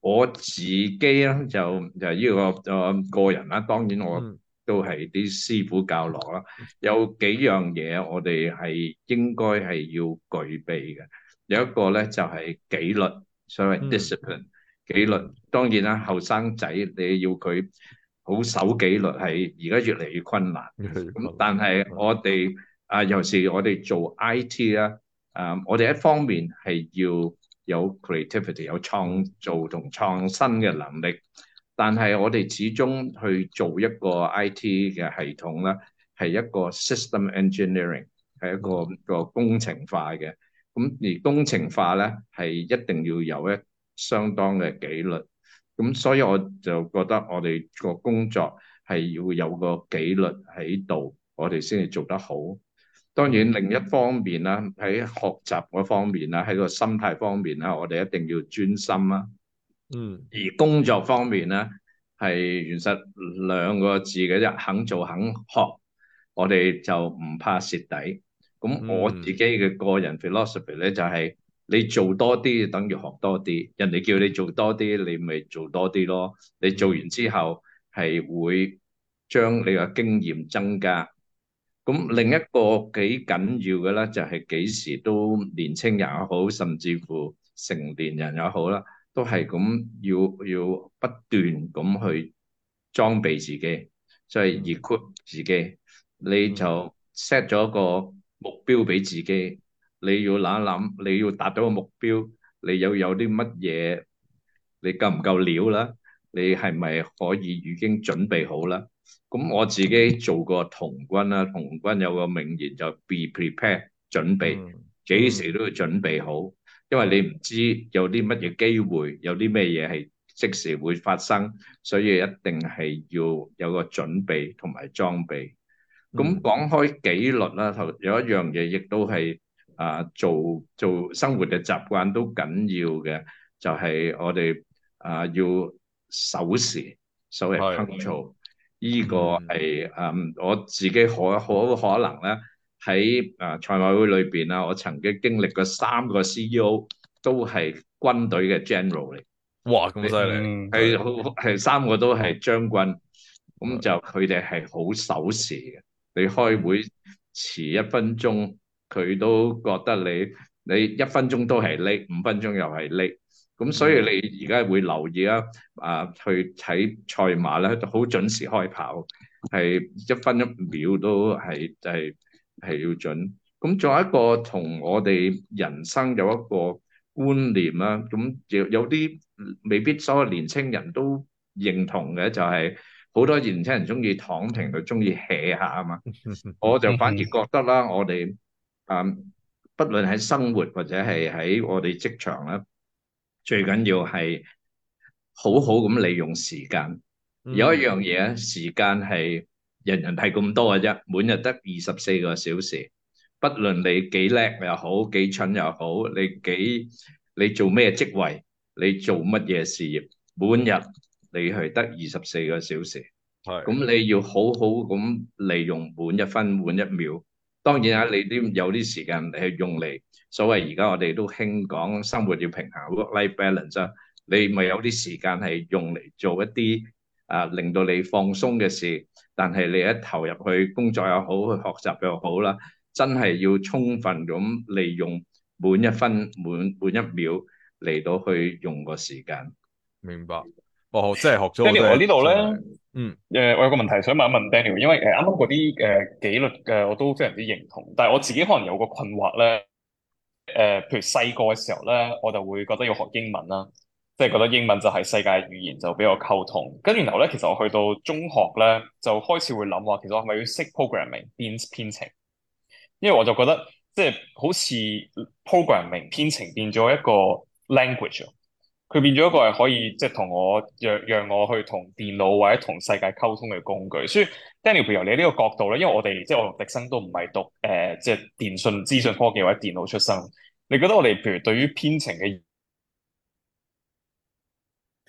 我自己咧就就呢、這個誒個人啦，當然我都係啲師傅教落啦。有幾樣嘢我哋係應該係要具備嘅，有一個咧就係、是、紀律，所謂 discipline。紀律當然啦，後生仔你要佢好守紀律係而家越嚟越困難。咁但係我哋啊尤其係我哋、啊、做 IT 啦、啊，誒我哋一方面係要有 creativity 有創造同創新嘅能力，但係我哋始終去做一個 IT 嘅系統咧，係一個 system engineering 係一個一個工程化嘅。咁而工程化咧係一定要有一相當嘅紀律，咁所以我就覺得我哋個工作係要有個紀律喺度，我哋先至做得好。當然另一方面啦，喺學習嗰方面啦，喺個心態方面啦，我哋一定要專心啦。嗯，而工作方面咧，係其實兩個字嘅啫，肯做肯學，我哋就唔怕蝕底。咁我自己嘅個人 philosophy 咧、就是，就係。你做多啲，等於學多啲。人哋叫你做多啲，你咪做多啲咯。你做完之後，係會將你嘅經驗增加。咁另一個幾緊要嘅咧，就係幾時都年青人也好，甚至乎成年人也好啦，都係咁要要不斷咁去裝備自己，即係 equip 自己。你就 set 咗一個目標俾自己。你要諗一諗，你要達到個目標，你又有啲乜嘢，你夠唔夠料啦？你係咪可以已經準備好啦？咁我自己做過童軍啦，童軍有個名言就 Be prepared，準備幾時都要準備好，因為你唔知有啲乜嘢機會，有啲咩嘢係即時會發生，所以一定係要有個準備同埋裝備。咁講開紀律啦，頭有一樣嘢亦都係。啊，做做生活嘅習慣都緊要嘅，就係、是、我哋啊要守時，所謂 control。呢的個係誒、嗯、我自己可可可能咧喺誒賽馬會裏邊啊，我曾經經歷過三個 CEO 都係軍隊嘅 general 嚟。哇，咁犀利，係係三個都係將軍，咁就佢哋係好守時嘅。你開會遲一分鐘。佢都覺得你你一分鐘都係叻，五分鐘又係叻。咁所以你而家會留意啊，啊去睇賽馬咧，好準時開跑，係一分一秒都係係係要準。咁仲有一個同我哋人生有一個觀念啦、啊，咁有有啲未必所有年青人都認同嘅，就係、係、好多年青人中意躺平，就中意 hea 下啊嘛，我就反而覺得啦， <laughs> 我哋。嗯，um, 不論喺生活或者係喺我哋職場咧，最緊要係好好咁利用時間。嗯、有一樣嘢，時間係人人係咁多嘅啫，每日得二十四個小時。不論你幾叻又好，幾蠢又好，你幾你做咩職位，你做乜嘢事業，每日你係得二十四個小時。係是，咁你要好好咁利用每一分、每一秒。當然啊，你都有啲時間你係用嚟所謂而家我哋都興講生活要平衡 work-life balance 你咪有啲時間係用嚟做一啲啊、呃、令到你放鬆嘅事，但係你一投入去工作又好，去學習又好啦，真係要充分咁利用每一分每每一秒嚟到去用個時間。明白。哦，即係學咗。Daniel，我呢度咧。嗯，誒、呃、我有個問題想問一問 Daniel，因為誒啱啱嗰啲誒紀律誒、呃、我都非常之認同，但係我自己可能有個困惑咧，誒、呃、譬如細個嘅時候咧，我就會覺得要學英文啦，即係覺得英文就係世界語言就比較溝通，跟住然後咧，其實我去到中學咧，就開始會諗話，其實我係咪要識 programming 變編程，因為我就覺得即係好似 programming 編程變咗一個 language 佢變咗一個係可以即係同我讓讓我去同電腦或者同世界溝通嘅工具。所以 Daniel，譬如由你呢個角度咧，因為我哋即係我同迪生都唔係讀誒即係電信、資訊科技或者電腦出身。你覺得我哋譬如對於編程嘅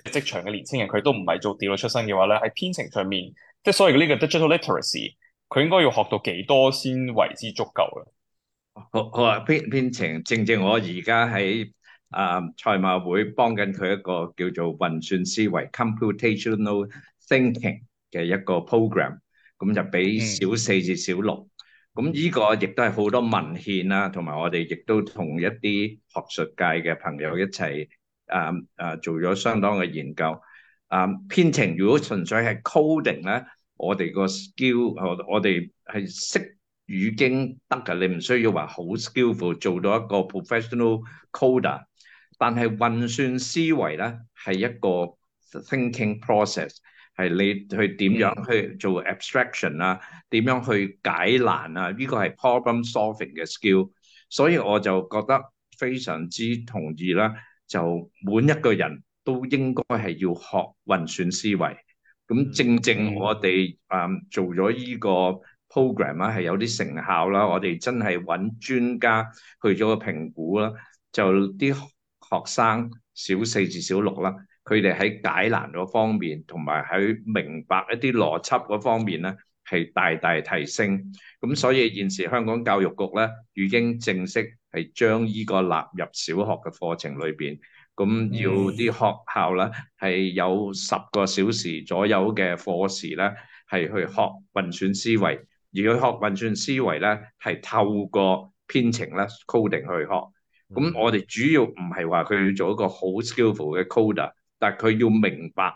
職場嘅年輕人，佢都唔係做電腦出身嘅話咧，喺編程上面，即係所謂呢個 digital literacy，佢應該要學到幾多先為之足夠咧？好好編編程正正我而家喺。嗯啊！賽馬會幫緊佢一個叫做運算思維 （computational thinking） 嘅一個 program，咁就俾小四至小六。咁呢個亦都係好多文獻啦，同埋我哋亦都同一啲學術界嘅朋友一齊啊啊做咗相當嘅研究。啊，編程如果純粹係 coding 咧，我哋個 skill 我我哋係識已經得㗎，你唔需要話好 skillful 做到一個 professional coder。但係運算思維咧，係一個 thinking process，係你去點樣去做 abstraction 啊，點樣去解難啊？呢、這個係 problem solving 嘅 skill，所以我就覺得非常之同意啦。就每一個人都應該係要學運算思維，咁正正我哋啊、嗯、做咗依個 program 咧，係有啲成效啦。我哋真係揾專家去咗個評估啦，就啲，學生小四至小六啦，佢哋喺解難嗰方面，同埋喺明白一啲邏輯嗰方面咧，係大大提升。咁所以現時香港教育局咧，已經正式係將依個納入小學嘅課程裏邊。咁要啲學校咧係有十個小時左右嘅課時咧，係去學運算思維。而佢學運算思維咧，係透過編程咧 coding 去學。咁我哋主要唔係話佢要做一個好 skillful 嘅 coder 但係佢要明白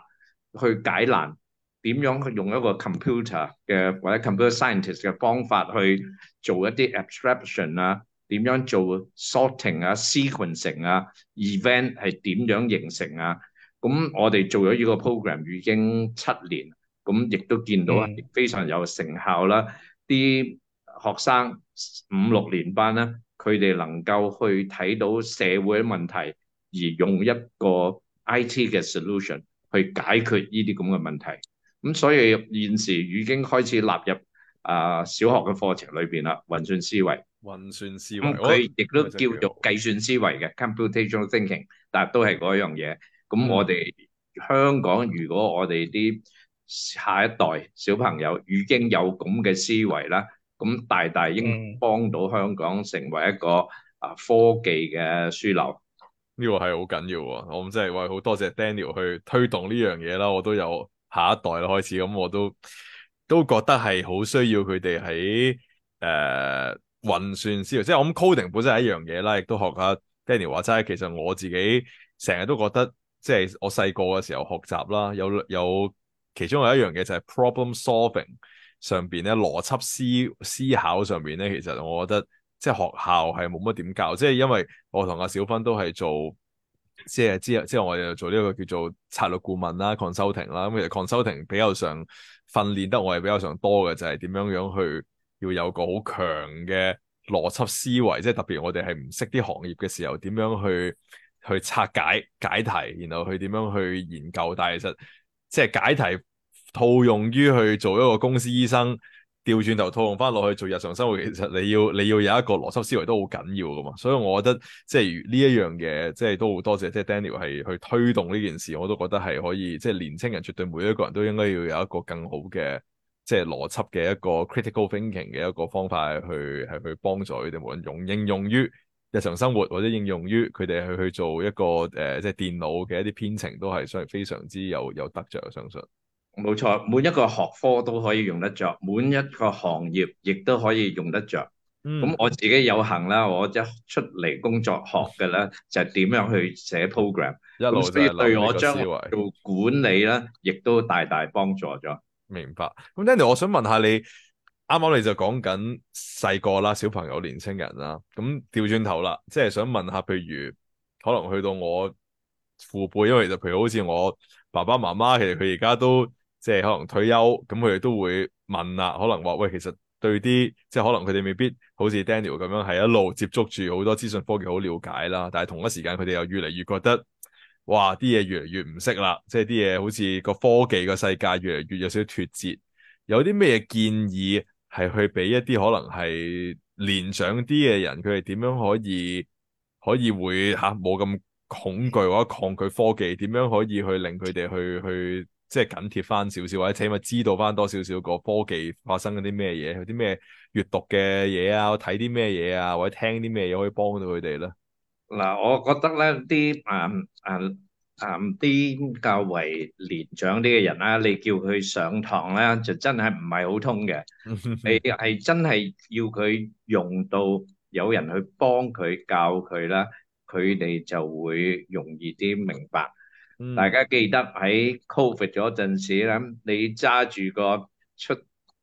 去解難，點樣用一個 computer 嘅或者 computer scientist 嘅方法去做一啲 abstraction 啊，點樣做 sorting 啊，sequence 啊，event 係點樣形成啊？咁我哋做咗呢個 program 已經七年，咁亦都見到係非常有成效啦。啲學生五六年班咧。佢哋能夠去睇到社會問題，而用一個 IT 嘅 solution 去解決呢啲咁嘅問題。咁所以現時已經開始納入啊、呃、小學嘅課程裏邊啦，運算思維。運算思維，我亦都叫做計算思維嘅 <noise> computational thinking，但係都係嗰樣嘢。咁我哋香港如果我哋啲下一代小朋友已經有咁嘅思維啦。咁大大應幫到香港成為一個啊科技嘅樞紐，呢個係好緊要喎！我咁真係喂，好多謝 Daniel 去推動呢樣嘢啦，我都有下一代啦開始，咁我都都覺得係好需要佢哋喺誒運算思維，即係我諗 coding 本身係一樣嘢啦，亦都學下 Daniel 話齋，其實我自己成日都覺得，即係我細個嘅時候學習啦，有有其中有一樣嘢就係 problem solving。上邊咧，邏輯思思考上邊咧，其實我覺得即係學校係冇乜點教，即係因為我同阿小芬都係做即係之後之後我哋就做呢個叫做策略顧問啦 consulting 啦，咁其實 consulting 比較上訓練得我係比較上多嘅，就係點樣樣去要有個好強嘅邏輯思維，即係特別我哋係唔識啲行業嘅時候，點樣去去拆解解題，然後去點樣去研究，但係其實即係解題。套用於去做一個公司醫生，調轉頭套用翻落去做日常生活，其實你要你要有一個邏輯思維都好緊要噶嘛。所以我覺得即係呢一樣嘢，即係都好多謝，即係 Daniel 係去推動呢件事，我都覺得係可以。即係年青人絕對每一個人都應該要有一個更好嘅，即係邏輯嘅一個 critical thinking 嘅一個方法去係去幫助佢哋冇人用應用於日常生活，或者應用於佢哋去去做一個誒、呃、即係電腦嘅一啲編程，都係相非常之有有得着。我相信。冇錯，每一個學科都可以用得着，每一個行業亦都可以用得着。咁、嗯、我自己有幸啦，我一出嚟工作學嘅咧，就點樣去寫 program <laughs> 一。咁所以對我將我做管理咧，亦都大大幫助咗。明白。咁 Daniel，我想問下你，啱啱你就講緊細個啦，小朋友、年青人啦，咁調轉頭啦，即係想問下，譬如可能去到我父輩，因為就譬如好似我爸爸媽媽，嗯、其實佢而家都。即係可能退休，咁佢哋都會問啦。可能話喂，其實對啲即係可能佢哋未必好似 Daniel 咁樣係一路接觸住好多資訊科技，好了解啦。但係同一時間，佢哋又越嚟越覺得，哇！啲嘢越嚟越唔識啦。即係啲嘢好似個科技個世界越嚟越有少少脱節。有啲咩建議係去俾一啲可能係年長啲嘅人，佢哋點樣可以可以會吓冇咁恐懼或者抗拒科技，點樣可以去令佢哋去去？去即係緊貼翻少少，或者起碼知道翻多少少個科技發生嗰啲咩嘢，有啲咩閲讀嘅嘢啊，睇啲咩嘢啊，或者聽啲咩嘢可以幫到佢哋咧？嗱，我覺得咧，啲誒誒誒啲較為年長啲嘅人啦，你叫佢上堂咧，就真係唔係好通嘅。 <laughs> 你係真係要佢用到有人去幫佢教佢啦，佢哋就會容易啲明白。大家記得喺 Covid 嗰陣時咧，你揸住個出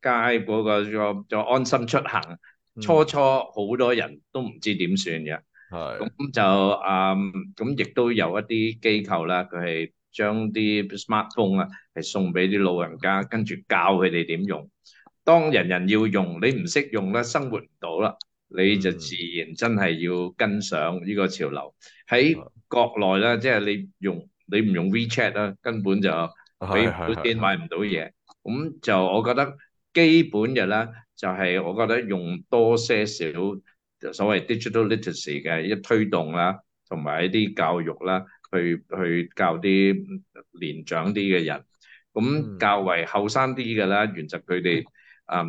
街嗰、嗰個、個,個安心出行。初初好多人都唔知點算嘅，咁的就嗯咁亦都有一啲機構啦，佢係將啲 smartphone 啊係送俾啲老人家，跟住教佢哋點用。當人人要用，你唔識用咧，生活唔到啦，你就自然真係要跟上呢個潮流。喺國內咧，即係你用。你唔用 WeChat 啦，根本就喺小店買唔到嘢。咁就我覺得基本嘅咧，就係我覺得用多些少所謂 digital literacy 嘅一推動啦，同埋一啲教育啦，去去教啲年長啲嘅人。咁較為後生啲嘅咧，原則佢哋啊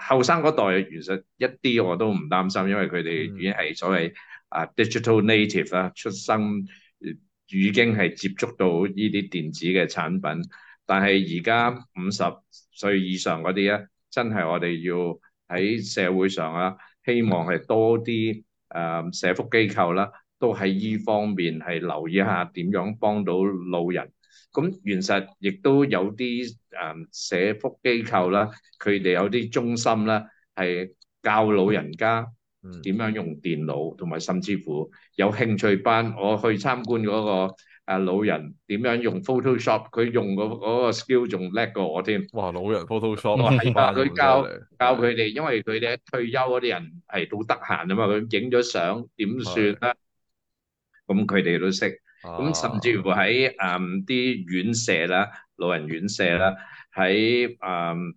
後生嗰代原則一啲我都唔擔心，因為佢哋已經係所謂啊 digital native 啦，出生。已經係接觸到呢啲電子嘅產品，但係而家五十歲以上嗰啲啊，真係我哋要喺社會上啊，希望係多啲誒、呃、社福機構啦、啊，都喺依方面係留意一下點樣幫到老人。咁其實亦都有啲誒、呃、社福機構啦、啊，佢哋有啲中心啦、啊，係教老人家，點樣用電腦，同埋甚至乎有興趣班，我去參觀嗰個誒老人點樣用 Photoshop，佢用個嗰個 skill 仲叻過我添。哇，老人 Photoshop 係啊，佢教教佢哋，因為佢哋退休嗰啲人係好得閒啊嘛，佢影咗相點算啊？咁佢哋都識，咁甚至乎喺誒啲院舍啦，老人院舍啦，喺誒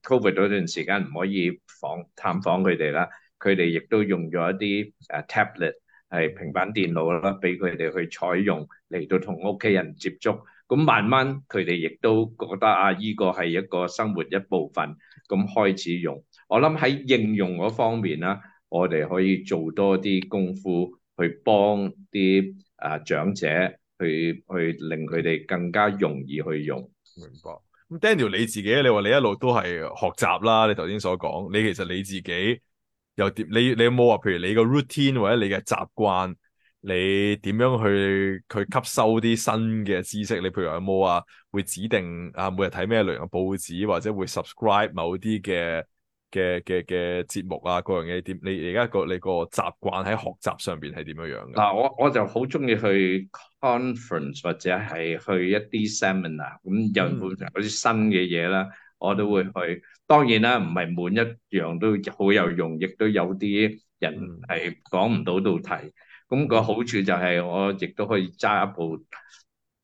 Covid 嗰段時間唔可以訪探訪佢哋啦。佢哋亦都用咗一啲誒 tablet 係平板電腦啦，俾佢哋去採用嚟到同屋企人接觸，咁慢慢佢哋亦都覺得啊，依個係一個生活一部分，咁開始用。我諗喺應用嗰方面啦，我哋可以做多啲功夫去幫啲誒長者去去令佢哋更加容易去用。明白。咁 Daniel 你自己，你話你一路都係學習啦。你頭先所講，你其實你自己。又點？你你有冇話？譬如你個 routine 或者你嘅習慣，你點樣去去吸收啲新嘅知識？你譬如有冇啊？會指定啊，每日睇咩類型嘅報紙，或者會 subscribe 某啲嘅嘅嘅嘅節目啊？各樣嘢？點？你而家個你個習慣喺學習上邊係點樣樣嘅？嗱，我我就好中意去 conference 或者係去一啲 seminar，咁、嗯嗯、有有啲新嘅嘢啦，我都會去。當然啦，唔係每一樣都好有用，亦都有啲人係講唔到到題。咁、嗯、個好處就係我亦都可以揸一部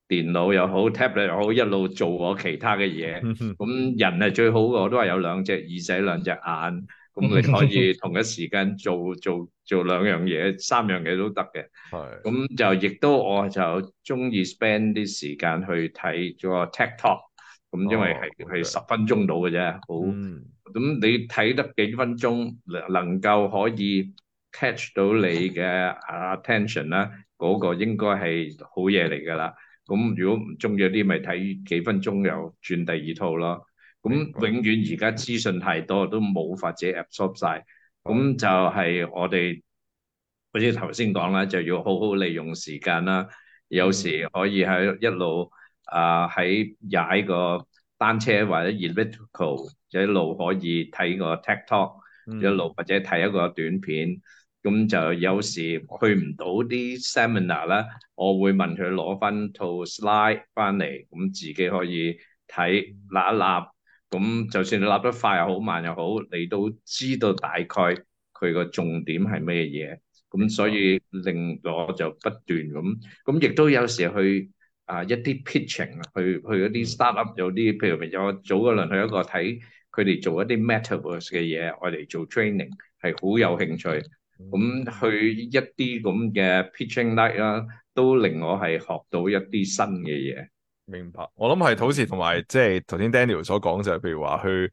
電腦又好，tablet 又好，一路做我其他嘅嘢。咁、嗯嗯、人係最好嘅，我都話有兩隻耳仔兩隻眼，咁、嗯、你可以同一時間做、嗯、做做兩樣嘢、三樣嘢都得嘅。係的。咁就亦都我就中意 spend 啲時間去睇咗個 tech talk。咁、嗯、因為係係十分鐘到嘅啫，好，咁、嗯、你睇得幾分鐘能能夠可以 catch 到你嘅 attention 啦，嗰個應該係好嘢嚟㗎啦。咁如果唔中意嗰啲，咪睇幾分鐘又轉第二套咯。咁永遠而家資訊太多，都冇法子 absorb 晒。咁就係我哋好似頭先講啦，就要好好利用時間啦。有時可以喺一路。啊！喺踩、uh，個單車或者 electric，就一路可以睇個 tech talk，一路或者睇一個短片。咁就有時去唔到啲 seminar 啦，我會問佢攞翻套 slide 翻嚟，咁自己可以睇立一立。咁就算你立得快又好，慢又好，你都知道大概佢個重點係咩嘢。咁所以令我就不斷咁，咁亦都有時去。啊！一啲 pitching 去去嗰啲 start up 有啲，譬如我早嗰輪去一個睇佢哋做一啲 metaverse 嘅嘢，我哋做 training 係好有興趣。咁去一啲咁嘅 pitching night 啦，都令我係學到一啲新嘅嘢。明白。我諗係好似同埋即係頭先 Daniel 所講，就係，就係譬如話去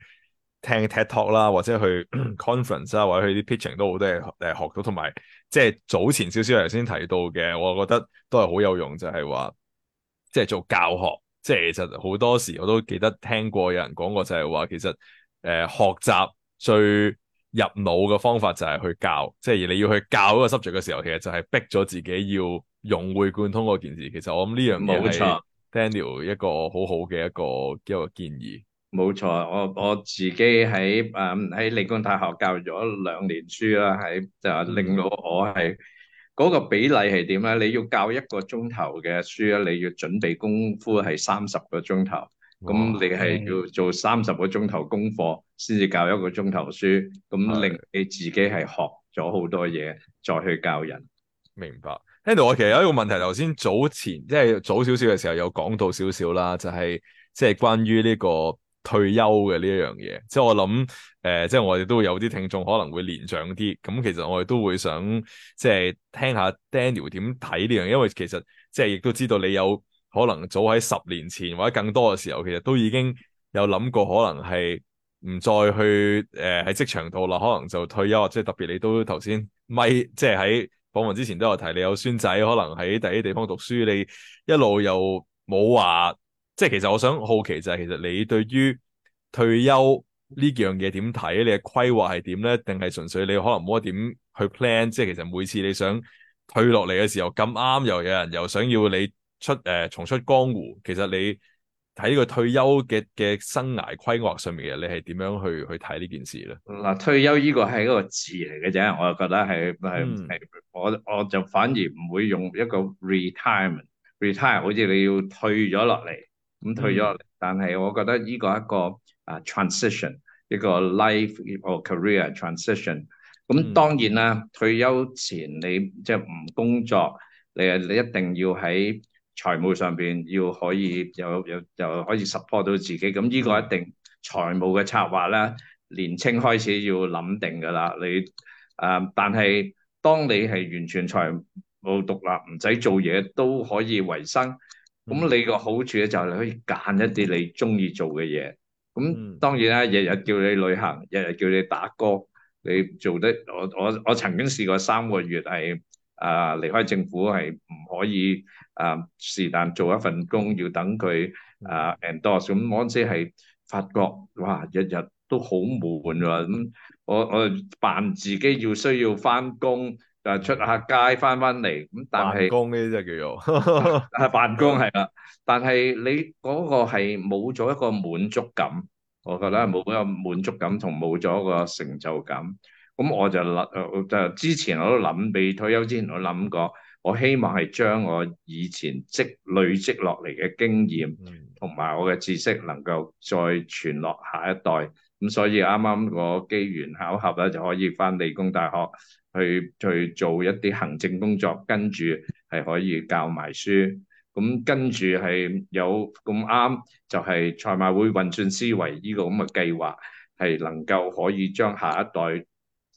聽 TED talk 啦， <coughs> 或者去 conference 啊，或者去啲 pitching 都好多誒學到。同埋即係早前少少頭先提到嘅，我覺得都係好有用，就係、係、話。即係做教學，即係其實好多時我都記得聽過有人講過，就係話其實誒、呃、學習最入腦嘅方法就係去教，即係而你要去教嗰個 subject 嘅時候，其實就係逼咗自己要融會貫通嗰件事。其實我諗呢樣嘢係 Daniel 一個好好嘅一個一個建議。冇錯，我我自己喺誒喺理工大學教咗兩年書啦，喺就令到我係。嗰個比例係點咧？你要教一個鐘頭嘅書啊，你要準備功夫係三十個鐘頭。咁、嗯、你係要做三十個鐘頭功課先至教一個鐘頭書，咁令你自己係學咗好多嘢再去教人。明白。Edward，我其實有一個問題，頭先早前即係、就是、早少少嘅時候有講到少少啦，就係即係關於呢、這個。退休嘅呢一樣嘢，即係我諗，誒、呃，即係我哋都有啲聽眾可能會年長啲，咁其實我哋都會想即係聽下 Daniel 點睇呢樣，因為其實即係亦都知道你有可能早喺十年前或者更多嘅時候，其實都已經有諗過可能係唔再去誒喺職場度啦，可能就退休，或者特別你都頭先咪即係喺訪問之前都有提，你有孫仔，可能喺第啲地方讀書，你一路又冇話。即係其實我想好奇就係、是、其實你對於退休呢樣嘢點睇？你嘅規劃係點咧？定係純粹你可能冇乜點去 plan？即係其實每次你想退落嚟嘅時候，咁啱又有人又想要你出誒、呃、重出江湖。其實你喺個退休嘅嘅生涯規劃上面嘅你係點樣去去睇呢件事咧？嗱，退休呢個係一個字嚟嘅啫，我就覺得係係係我我就反而唔會用一個 retirement retirement, retirement 好似你要退咗落嚟。咁退咗，但係我覺得依個係一個啊 transition，一個 life or career transition。咁當然啦，嗯、退休前你即係唔工作，你你一定要喺財務上邊要可以有有又可以 support 到自己。咁呢個一定財務嘅策劃咧，年青開始要諗定噶啦。你誒、呃，但係當你係完全財務獨立，唔使做嘢都可以維生。咁你個好處咧就係可以揀一啲你中意做嘅嘢。咁當然啦，日日、嗯、叫你旅行，日日叫你打歌，你做得我我我曾經試過三個月係啊、呃、離開政府係唔可以啊是但做一份工，要等佢啊 endorse。咁、呃、我嗰時係發覺哇，日日都好悶喎。咁我我扮自己要需要翻工。出下街，翻返嚟咁，但係工呢啲真叫做啊，辦公係啦。 <laughs> <laughs> 但係你嗰個係冇咗一個滿足感，我覺得係冇咗一個滿足感同冇咗個成就感。咁我就諗就之前我都諗，未退休之前我都諗過，我希望係將我以前積累積落嚟嘅經驗同埋我嘅知識能夠再傳落下一代。咁所以啱啱個機緣巧合咧，就可以翻理工大學。去去做一啲行政工作，跟住係可以教埋書，咁跟住係有咁啱就係賽馬會運算思維呢個咁嘅計劃，係能夠可以將下一代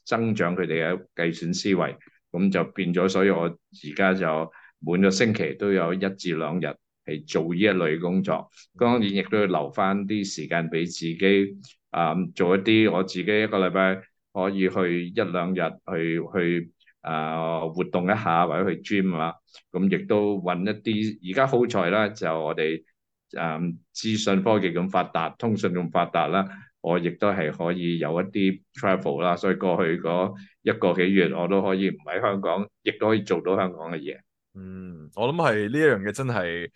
增長佢哋嘅計算思維，咁就變咗。所以我而家就每個星期都有一至兩日係做呢一類工作，當然亦都要留翻啲時間俾自己啊，呃，做一啲我自己一個禮拜。可以去一兩日去去啊、呃、活動一下或者去 gym 啊，咁、嗯、亦都揾一啲。而家好彩啦，就我哋誒資訊科技咁發達，通訊咁發達啦，我亦都係可以有一啲 travel 啦。所以過去嗰一個幾月，我都可以唔喺香港，亦都可以做到香港嘅嘢。嗯，我諗係呢一樣嘢真係。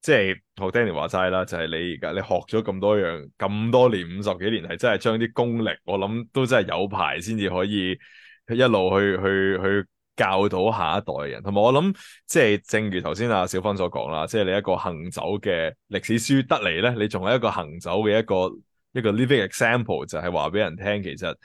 即係學 Daniel 話齋啦，就係、是、你而家你學咗咁多樣咁多年五十幾年，係真係將啲功力，我諗都真係有排先至可以一路去去去教到下一代人。同埋我諗，即係正如頭先阿小芬所講啦，即係你一個行走嘅歷史書得嚟咧，你仲係一個行走嘅一個一個 living example，就係話俾人聽，其實誒、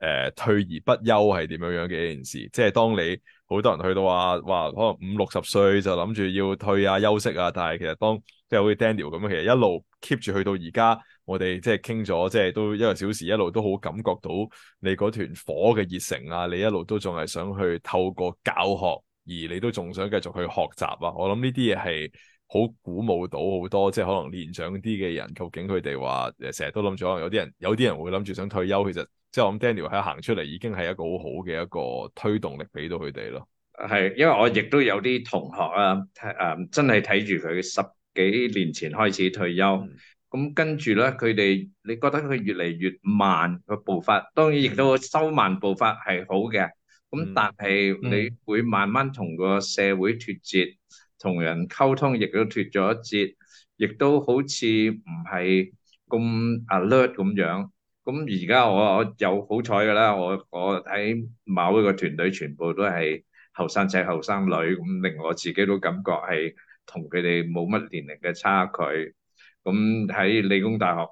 呃、退而不休係點樣樣嘅一件事，即係當你。好多人去到話話可能五六十歲就諗住要退啊休息啊，但係其實當即係好似 Daniel 咁樣，其實一路 keep 住去到而家，我哋即係傾咗即係都一個小時，一路都好感覺到你嗰團火嘅熱誠啊！你一路都仲係想去透過教學，而你都仲想繼續去學習啊！我諗呢啲嘢係好鼓舞到好多，即係可能年長啲嘅人，究竟佢哋話誒成日都諗住可能有啲人有啲人會諗住想退休，其實。即係我諗 Daniel 喺行出嚟已經係一個好好嘅一個推動力俾到佢哋咯。係，因為我亦都有啲同學啊，誒、嗯，真係睇住佢十幾年前開始退休，咁、嗯、跟住咧，佢哋你覺得佢越嚟越慢個步伐，當然亦都收慢步伐係好嘅。咁但係你會慢慢同個社會脫節，同、嗯嗯、人溝通亦都脫咗一節，亦都好似唔係咁 alert 咁樣。咁而家我我有好彩㗎啦，我我喺某一個團隊全部都係後生仔後生女，咁令我自己都感覺係同佢哋冇乜年齡嘅差距。咁喺理工大學，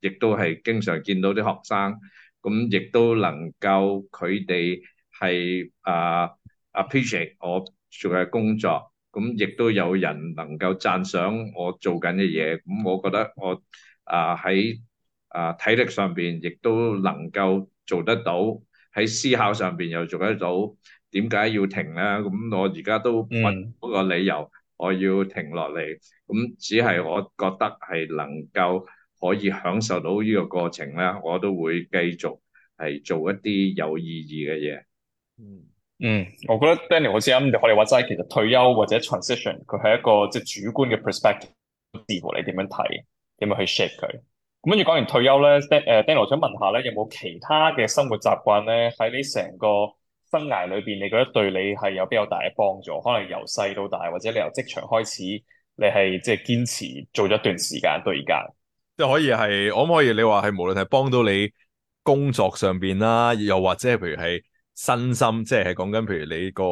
亦都係經常見到啲學生，咁亦都能夠佢哋係啊 appreciate 我做嘅工作，咁亦都有人能夠讚賞我做緊嘅嘢。咁我覺得我啊喺啊，體力上邊亦都能夠做得到，喺思考上邊又做得到。點解要停咧？咁我而家都問嗰個理由，嗯、我要停落嚟。咁只係我覺得係能夠可以享受到呢個過程咧，我都會繼續係做一啲有意義嘅嘢。嗯嗯， <noise> 我覺得 Daniel 好似啱，你可以話齋，其實退休或者 transition，佢係一個即係主觀嘅 perspective，視乎你點樣睇，點樣去 shape 佢。跟住講完退休咧，誒 Daniel 想問下咧，有冇其他嘅生活習慣咧，喺你成個生涯裏邊，你覺得對你係有比較大嘅幫助？可能由細到大，或者你由職場開始，你係即係堅持做咗一段時間對而家。即係可以係，可唔可以你話係無論係幫到你工作上邊啦，又或者係譬如係身心，即係講緊譬如你個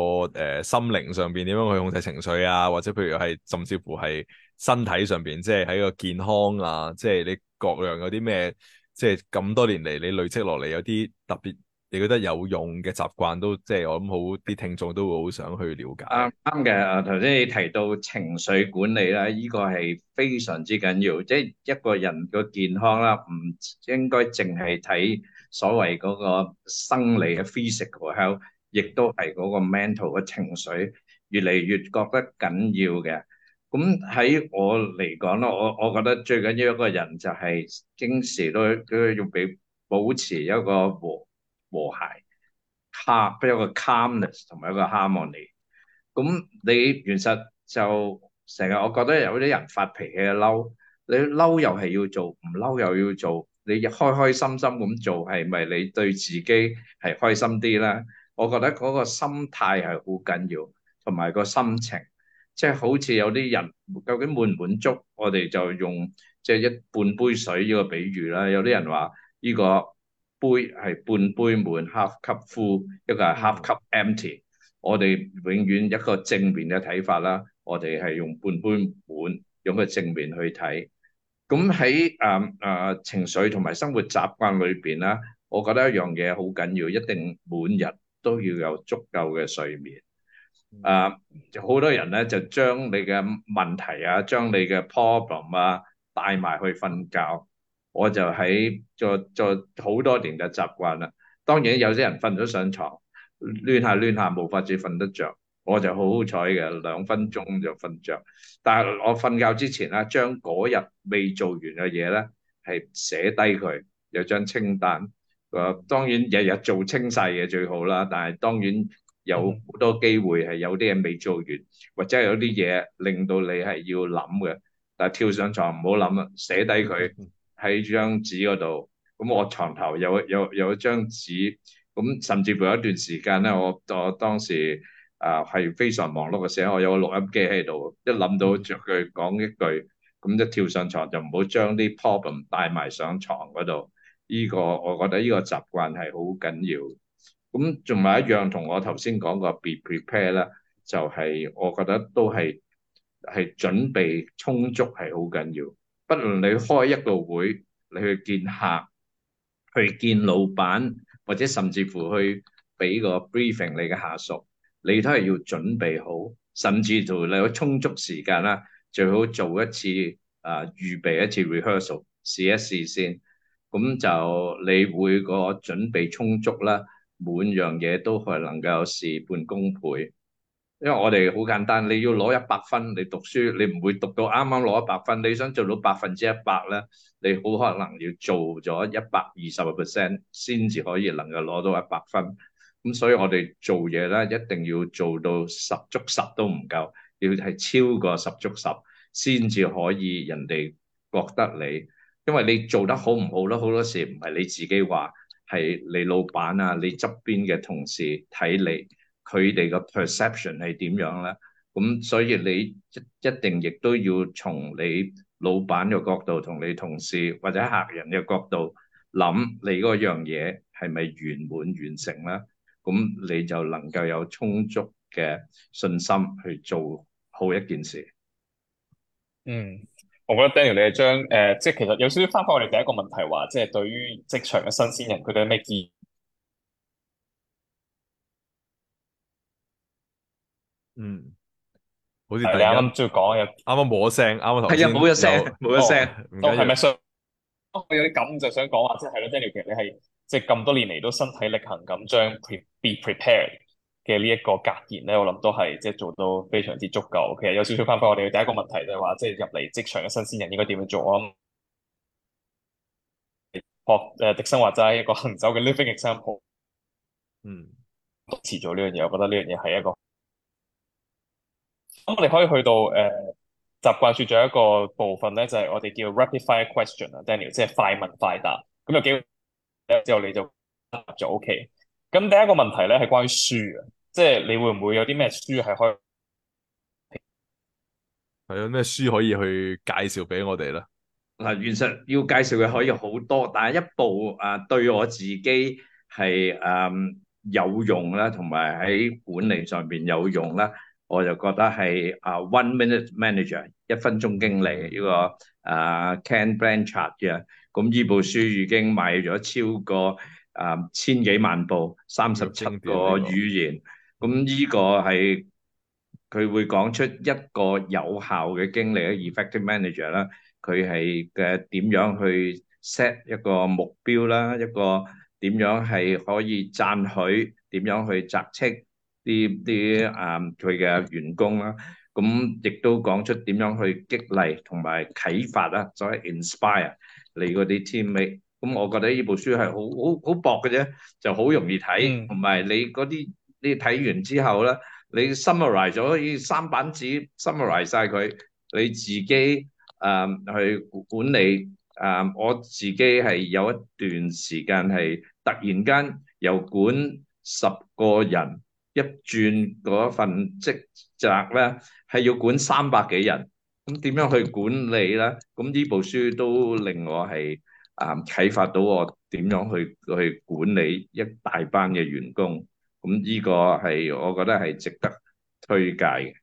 誒心靈上邊點樣去控制情緒啊，或者譬如係甚至乎係。身體上邊即係喺個健康啊，即係你各樣有啲咩，即係咁多年嚟你累積落嚟有啲特別，你覺得有用嘅習慣都即係我諗好啲聽眾都會好想去了解。啱嘅。啊，頭先你提到情緒管理啦，呢個係非常之緊要，即係一個人個健康啦，唔應該淨係睇所謂嗰個生理嘅 physical health，亦都係嗰個 mental 嘅情緒，越嚟越覺得緊要嘅。咁喺、嗯、我嚟講咧，我我覺得最緊要一個人就係經時都要都要俾保持一個和和諧，吓一個 calmness 同埋一個 harmony。咁、嗯、你其實就成日我覺得有啲人發脾氣嬲，你嬲又係要做，唔嬲又要做。你開開心心咁做係咪你對自己係開心啲咧？我覺得嗰個心態係好緊要，同埋個心情。即係好似有啲人究竟滿唔滿足，我哋就用即係、就是、一半杯水呢個比喻啦。有啲人話呢個杯係半杯滿，half cup full，一個係 half cup empty。我哋永遠一個正面嘅睇法啦。我哋係用半杯滿，用個正面去睇。咁喺誒誒情緒同埋生活習慣裏邊啦，我覺得一樣嘢好緊要，一定每日都要有足夠嘅睡眠。誒，uh，好多人咧就將你嘅問題啊，將你嘅 problem 啊帶埋去瞓覺。我就喺做做好多年嘅習慣啦。當然有啲人瞓咗上床，攣下攣下冇法子瞓得着。我就好彩嘅，兩分鐘就瞓着。但係我瞓覺之前咧，將嗰日未做完嘅嘢咧係寫低佢，有張清單。當然日日做清細嘅最好啦，但係當然。有好多機會係有啲嘢未做完，或者係有啲嘢令到你係要諗嘅。但係跳上床唔好諗啦，寫低佢喺張紙嗰度。咁我床頭有有有一張紙。咁甚至乎有一段時間咧，我我當時啊係、呃、非常忙碌嘅時候，我有個錄音機喺度。一諗到著佢講一句，咁一,一跳上床就唔好將啲 problem 帶埋上床嗰度。呢、這個我覺得呢個習慣係好緊要。咁仲有一樣，同我頭先講個 be prepared 啦，就係我覺得都係係準備充足係好緊要。不論你開一個會，你去見客，去見老闆，或者甚至乎去俾個 briefing 你嘅下屬，你都係要準備好，甚至乎你有充足時間啦。最好做一次啊，預備一次 rehearsal，試一試先。咁就你會個準備充足啦。每樣嘢都係能夠事半功倍，因為我哋好簡單，你要攞一百分，你讀書你唔會讀到啱啱攞一百分，你想做到百分之一百咧，你好可能要做咗一百二十個 percent 先至可以能夠攞到一百分。咁所以我哋做嘢咧，一定要做到十足十都唔夠，要係超過十足十先至可以人哋覺得你，因為你做得好唔好囉，好多時唔係你自己話。係你老闆啊，你側邊嘅同事睇你，佢哋個 perception 係點樣咧？咁所以你一一定亦都要從你老闆嘅角度，同你同事或者客人嘅角度諗你嗰樣嘢係咪圓滿完成咧？咁你就能夠有充足嘅信心去做好一件事。嗯。我覺得 Daniel 你係將誒、呃，即係其實有少少翻返我哋第一個問題話，即係對於職場嘅新鮮人，佢哋有咩建議？嗯，好似你啱啱最講嘅，啱啱冇一聲，啱啱同頭先冇一聲，冇一有聲。當係咩？有啲咁就想講話，即係咯，Daniel 其實你係即係咁多年嚟都身體力行咁，將 pre, be prepared。嘅呢一個格言咧，我諗都係即係做到非常之足夠。其實有少少翻返我哋嘅第一個問題就係話，即係入嚟職場嘅新鮮人應該點樣做？我、嗯、諗學、呃、迪生話齋一個行走嘅 living example。嗯，持續呢樣嘢，我覺得呢樣嘢係一個。咁、嗯、我哋可以去到誒習慣説咗一個部分咧，就係、是、我哋叫 rapid fire question 啊，Daniel，即係快問快答。咁有幾之後你就答咗 OK。咁第一個問題咧係關於書嘅。即係你會唔會有啲咩書係可以係啊？咩書可以去介紹俾我哋咧？嗱，其實要介紹嘅可以好多，但係一部啊、呃、對我自己係誒、呃、有用啦，同埋喺管理上邊有用啦，我就覺得係啊、呃、One Minute Manager 一分鐘經理呢、嗯這個啊、呃、Ken Blanchard 嘅，咁呢部書已經賣咗超過誒、呃、千幾萬部，三十七個語言。咁呢個係佢會講出一個有效嘅經歷啦，effective manager 啦，佢係嘅點樣去 set 一個目標啦，一個點樣係可以讚許，點樣去責斥啲啲啊佢嘅員工啦，咁亦都講出點樣去激勵同埋啟發啦，所謂 inspire 你嗰啲 teammate，咁我覺得呢部書係好好好薄嘅啫，就好容易睇，同埋你嗰啲。你睇完之後咧，你 summarize 咗呢三板紙，summarize 晒佢，你自己誒、呃、去管理誒、呃。我自己係有一段時間係突然間由管十個人一轉嗰份職責咧，係要管三百幾人，咁點樣去管理咧？咁呢部書都令我係誒、呃、啟發到我點樣去去管理一大班嘅員工。咁呢個係我覺得係值得推介嘅。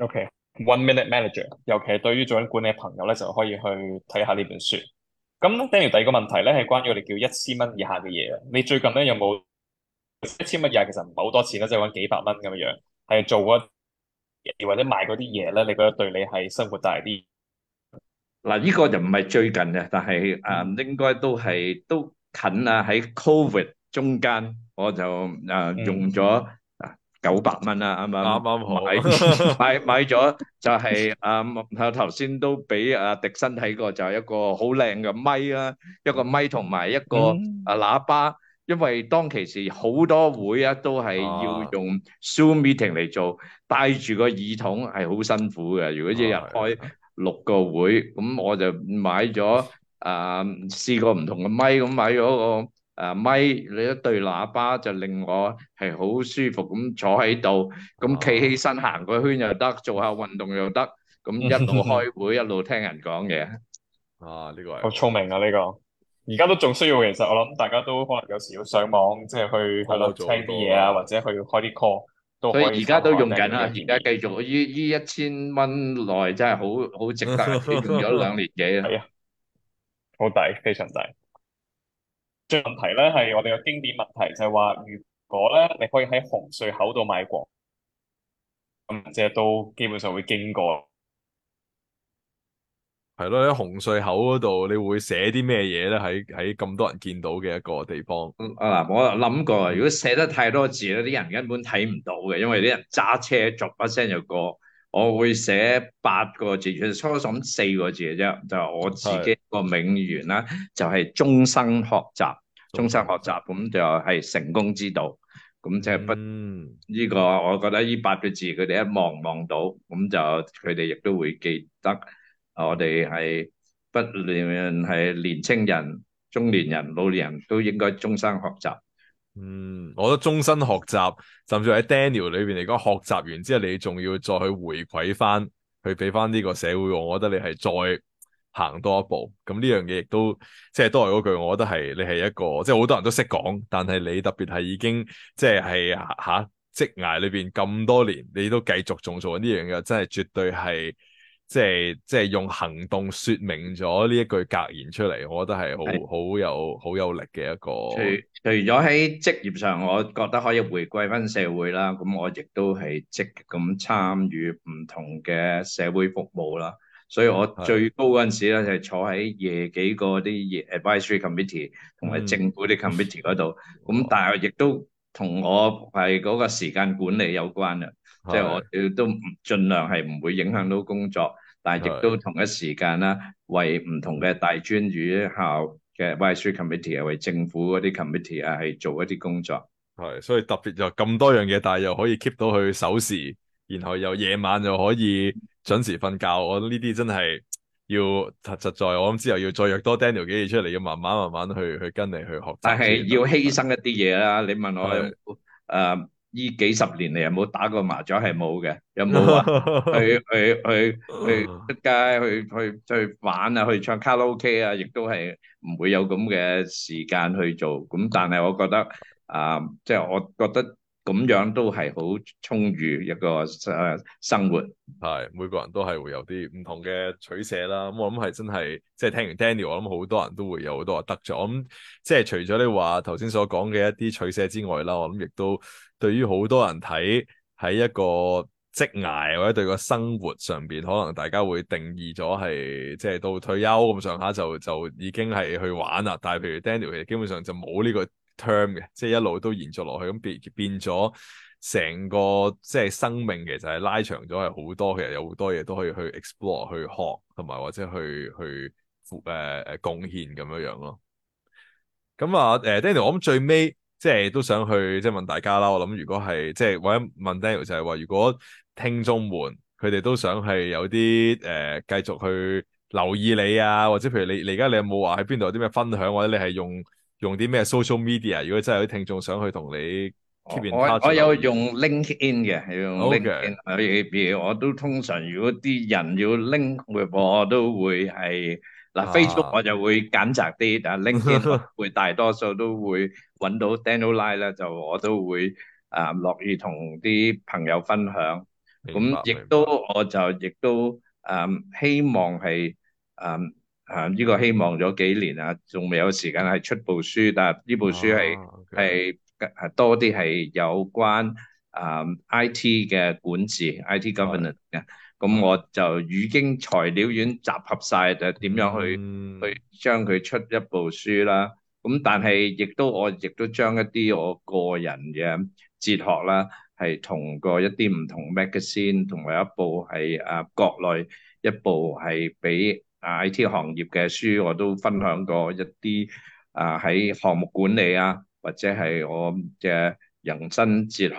OK，One、okay. Minute Manager，尤其係對於做緊管理嘅朋友咧，就可以去睇下呢本書。咁 Daniel 第二個問題咧係關於我哋叫一千蚊以下嘅嘢。你最近咧有冇一千蚊以下？其實唔係好多錢啦，即係揾幾百蚊咁樣樣，係做一，或者賣嗰啲嘢咧？你覺得對你係生活大啲？嗱，呢個就唔係最近嘅，但係誒、嗯、應該都係都近啊。喺 COVID 中間。我就誒、啊、用咗九百蚊啦，啱唔啱？買買買咗就係、是、誒，頭、啊、先 <laughs> 都俾阿廸生睇過，就係、是、一個好靚嘅咪啦，一個咪同埋一個誒喇叭，嗯、因為當其時好多會啊，都係要用 Zoom Meeting 嚟做，戴住個耳筒係好辛苦嘅。如果一日，日開六個會，咁我就買咗誒試過唔同嘅咪，咁買咗個。啊，咪你一對喇叭就令我係好舒服咁坐喺度，咁企起身行個圈又得，做下運動又得，咁一路開會 <laughs> 一路聽人講嘢，啊，呢個係好聰明啊呢個，而家都仲需要，其實我諗大家都可能有時要上網，即係去嗰度做啲嘢啊，或者去開啲 call，所以而家都用緊啦，而家繼續呢依一千蚊內真係好好值得，用咗兩年幾啊，係啊 <laughs> ，好抵非常抵。最後題咧係我哋嘅經典問題就係話，如果咧你可以喺紅隧口度買廣告，咁即係都基本上會經過。係咯，喺紅隧口嗰度，你會寫啲咩嘢咧？喺喺咁多人見到嘅一個地方。啊、嗯，我諗過，如果寫得太多字咧，啲人根本睇唔到嘅，因為啲人揸車作一聲就過。我會寫八個字，其實初審四個字嘅啫，就係，我自己個名言啦，就係終身學習，的終身學習咁就係成功之道，咁即係不呢、嗯這個，我覺得呢八個字佢哋一望望到，咁就佢哋亦都會記得，我哋係不論係年青人、中年人、老年人都應該終身學習。嗯，我覺得終身學習，甚至喺 Daniel 裏邊嚟講，學習完之後你仲要再去回饋翻，去俾翻呢個社會，我覺得你係再行多一步。咁呢樣嘢亦都即係多係嗰句，我覺得係你係一個，即係好多人都識講，但係你特別係已經即係喺職涯裏邊咁多年，你都繼續仲做緊呢樣嘢，真係絕對係。即係即係用行動說明咗呢一句格言出嚟，我覺得係好好有好有力嘅一個除。除除咗喺職業上，我覺得可以回歸翻社會啦。咁我亦都係積極咁參與唔同嘅社會服務啦。所以我最高嗰陣時咧，的就係坐喺夜幾個啲 advisory committee 同埋政府啲 committee 嗰度。咁但係亦都同我係嗰個時間管理有關嘅。即係我誒，都唔盡量係唔會影響到工作，但係亦都同一時間啦，為唔同嘅大專院校嘅 advisory committee 啊，為政府嗰啲 committee 啊，係做一啲工作。係，所以特別就咁多樣嘢，但係又可以 keep 到佢守時，然後又夜晚又可以準時瞓覺。我呢啲真係要實實在，我諗之後要再約多 Daniel 幾次出嚟，要慢慢慢慢去去跟嚟去學習。但係要犧牲一啲嘢啦。的你問我誒？的呢幾十年嚟有冇打過麻雀？係冇嘅。有冇啊？ <laughs> 去去去去出街去去去玩啊，去唱卡拉 OK 啊，亦都係唔會有咁嘅時間去做。咁但係我覺得啊，即、呃、係、就是、我覺得咁樣都係好充裕一個生生活。係，每個人都係會有啲唔同嘅取捨啦。咁我諗係真係，即係聽完 Daniel，我諗好多人都會有好多得著。咁即係除咗你話頭先所講嘅一啲取捨之外啦，我諗亦都。對於好多人睇喺一個職涯或者對個生活上邊，可能大家會定義咗係即係到退休咁上下就就已經係去玩啦。但係譬如 Daniel 其實基本上就冇呢個 term 嘅，即係一路都延續落去，咁變變咗成個即係生命其實係拉長咗係好多嘅，其實有好多嘢都可以去 explore 去學同埋或者去去誒誒貢獻咁樣樣咯。咁啊誒 Daniel，我諗最尾。即係都想去，即係問大家啦。我諗如果係即係或者問 Daniel，就係話如果聽眾們佢哋都想係有啲誒、呃、繼續去留意你啊，或者譬如你你而家你有冇話喺邊度有啲咩分享，或者你係用用啲咩 social media？如果真係有啲聽眾想去同你 keep in touch，我，我有用 LinkedIn 嘅，用 LinkedIn。譬如我都通常如果啲人要 link 我，我都會係。嗱、啊、，Facebook 我就會揀擇啲，但係 LinkedIn 會大多數都會揾到 Daniel Lai 咧，就我都會啊樂、呃、意同啲朋友分享。咁、嗯、亦白都我就亦都啊、嗯、希望係、嗯、啊啊呢、呢個希望咗幾年啊，仲未有時間係出部書，但係呢部書係係啊、okay。多啲係有關啊、嗯、IT 嘅管治，IT governance 嘅白。咁我就已經材料院集合晒，就點樣去、嗯、去將佢出一部書啦。咁但係亦都我亦都將一啲我個人嘅哲學啦，係同過一啲唔同 magazine，同埋一部係啊國內一部係俾 IT 行業嘅書，我都分享過一啲啊喺項目管理啊，或者係我嘅人生哲學。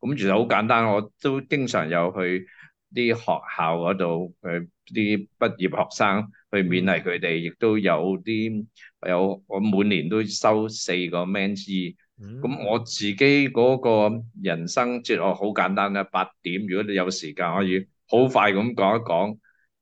咁其實好簡單，我都經常有去啲學校嗰度去啲畢業學生去勉勵佢哋，亦、嗯、都有啲有我每年都收四個 man 志、嗯。咁我自己嗰個人生哲學好簡單啦，八點。如果你有時間，可以好快咁講一講。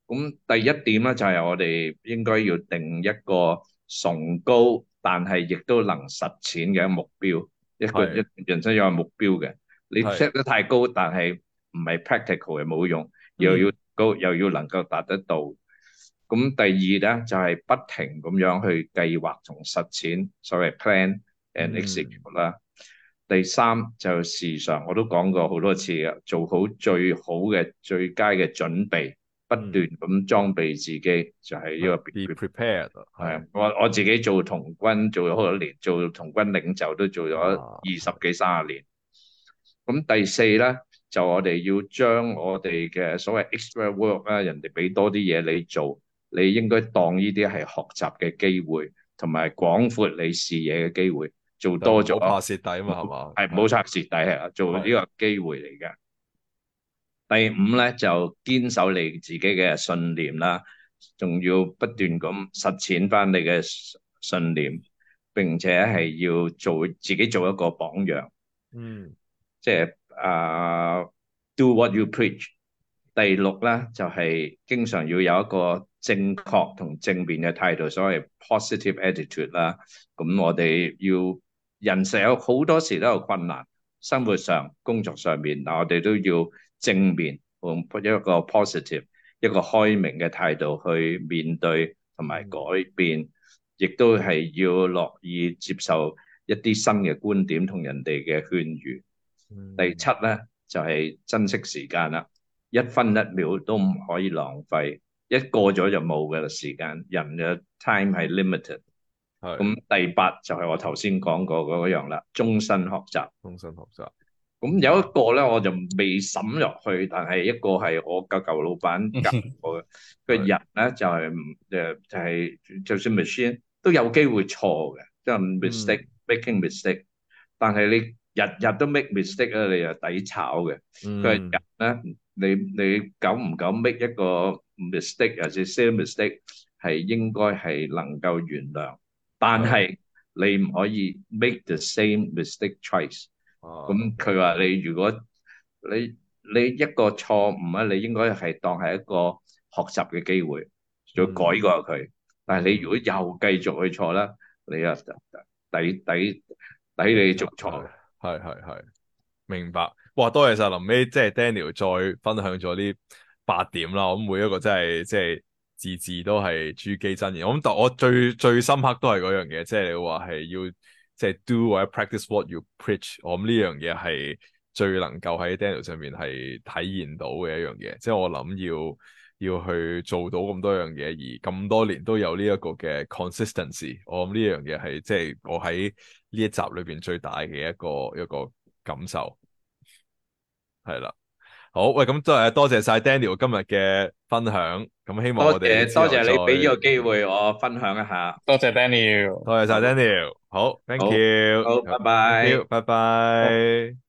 咁第一點咧就係我哋應該要定一個崇高但係亦都能實踐嘅目標，嗯、一個一人生有個目標嘅。是你 set 得太高，但係。唔係 practical 又冇用，又要高又要能夠達得到。咁第二咧就係、是、不停咁樣去計劃同實踐，所謂 plan and execute 啦、嗯。第三就是、時常我都講過好多次嘅，做好最好嘅最佳嘅準備，不斷咁裝備自己，就係、是、呢、這個 be prepared。係我、嗯、我自己做童軍做咗好多年，做童軍領袖都做咗二十幾三十年。咁第四咧。就我哋要將我哋嘅、所謂 extra work 啊，人哋俾多啲嘢你做，你應該當呢啲係學習嘅機會，同埋廣闊你視野嘅機會。做多咗，唔好怕蝕底啊嘛，係嘛？係，唔好怕蝕底，係做呢個機會嚟嘅。第五咧就堅守你自己嘅信念啦，仲要不斷咁實踐翻你嘅信念，並且係要做自己做一個榜樣。嗯，即係。啊，do what you preach。第六咧就係經常要有一個正確同正面嘅態度，所謂 positive attitude 啦。咁我哋要人成有好多時都有困難，生活上、工作上面，嗱我哋都要正面用一個 positive、一個開明嘅態度去面對同埋改變，亦都係要樂意接受一啲新嘅觀點同人哋嘅勸喻。第七咧，就係珍惜時間啦，一分一秒都唔可以浪費，一過咗就冇嘅時間，人嘅 time 係 limited。係咁第八就係我頭先講過嗰樣啦，終身學習。終身學習。咁有一個咧，我就未審落去，但係一個係我舊舊老闆教我嘅。佢人咧，就係誒，就係就算 machine 都有機會錯嘅，即係 mistake making mistake，但係你。日日都 make mistake 啊，你又抵炒嘅。佢話：人咧，你你敢唔敢 make 一個 mistake，或者 same mistake，係應該係能夠原諒。但係你唔可以 make the same mistake twice。咁佢話：你如果你你一個錯誤啊，你應該係當係一個學習嘅機會，再改過佢。但係你如果又繼續去錯啦，你就抵抵抵你做錯。係係係，明白。哇，多謝晒，臨尾即係 Daniel 再分享咗呢八點啦。咁每一個真係即係字字都係珠璣真言。咁但我最最深刻都係嗰樣嘢，即係你話係要即係、就是、do 或者 practice what you preach。我諗呢樣嘢係最能夠喺 Daniel 上面係體現到嘅一樣嘢。即係我諗要。要去做到咁多樣嘢，而咁多年都有呢一個嘅 consistency，我諗呢樣嘢係即係我喺呢一集裏邊最大嘅一個一個感受，係啦。好，喂，咁多謝多謝晒 Daniel 今日嘅分享。咁希望我哋多謝，多謝你俾呢個機會我分享一下。多謝 Daniel，多謝晒 Daniel。好，thank you，好，拜拜，拜拜。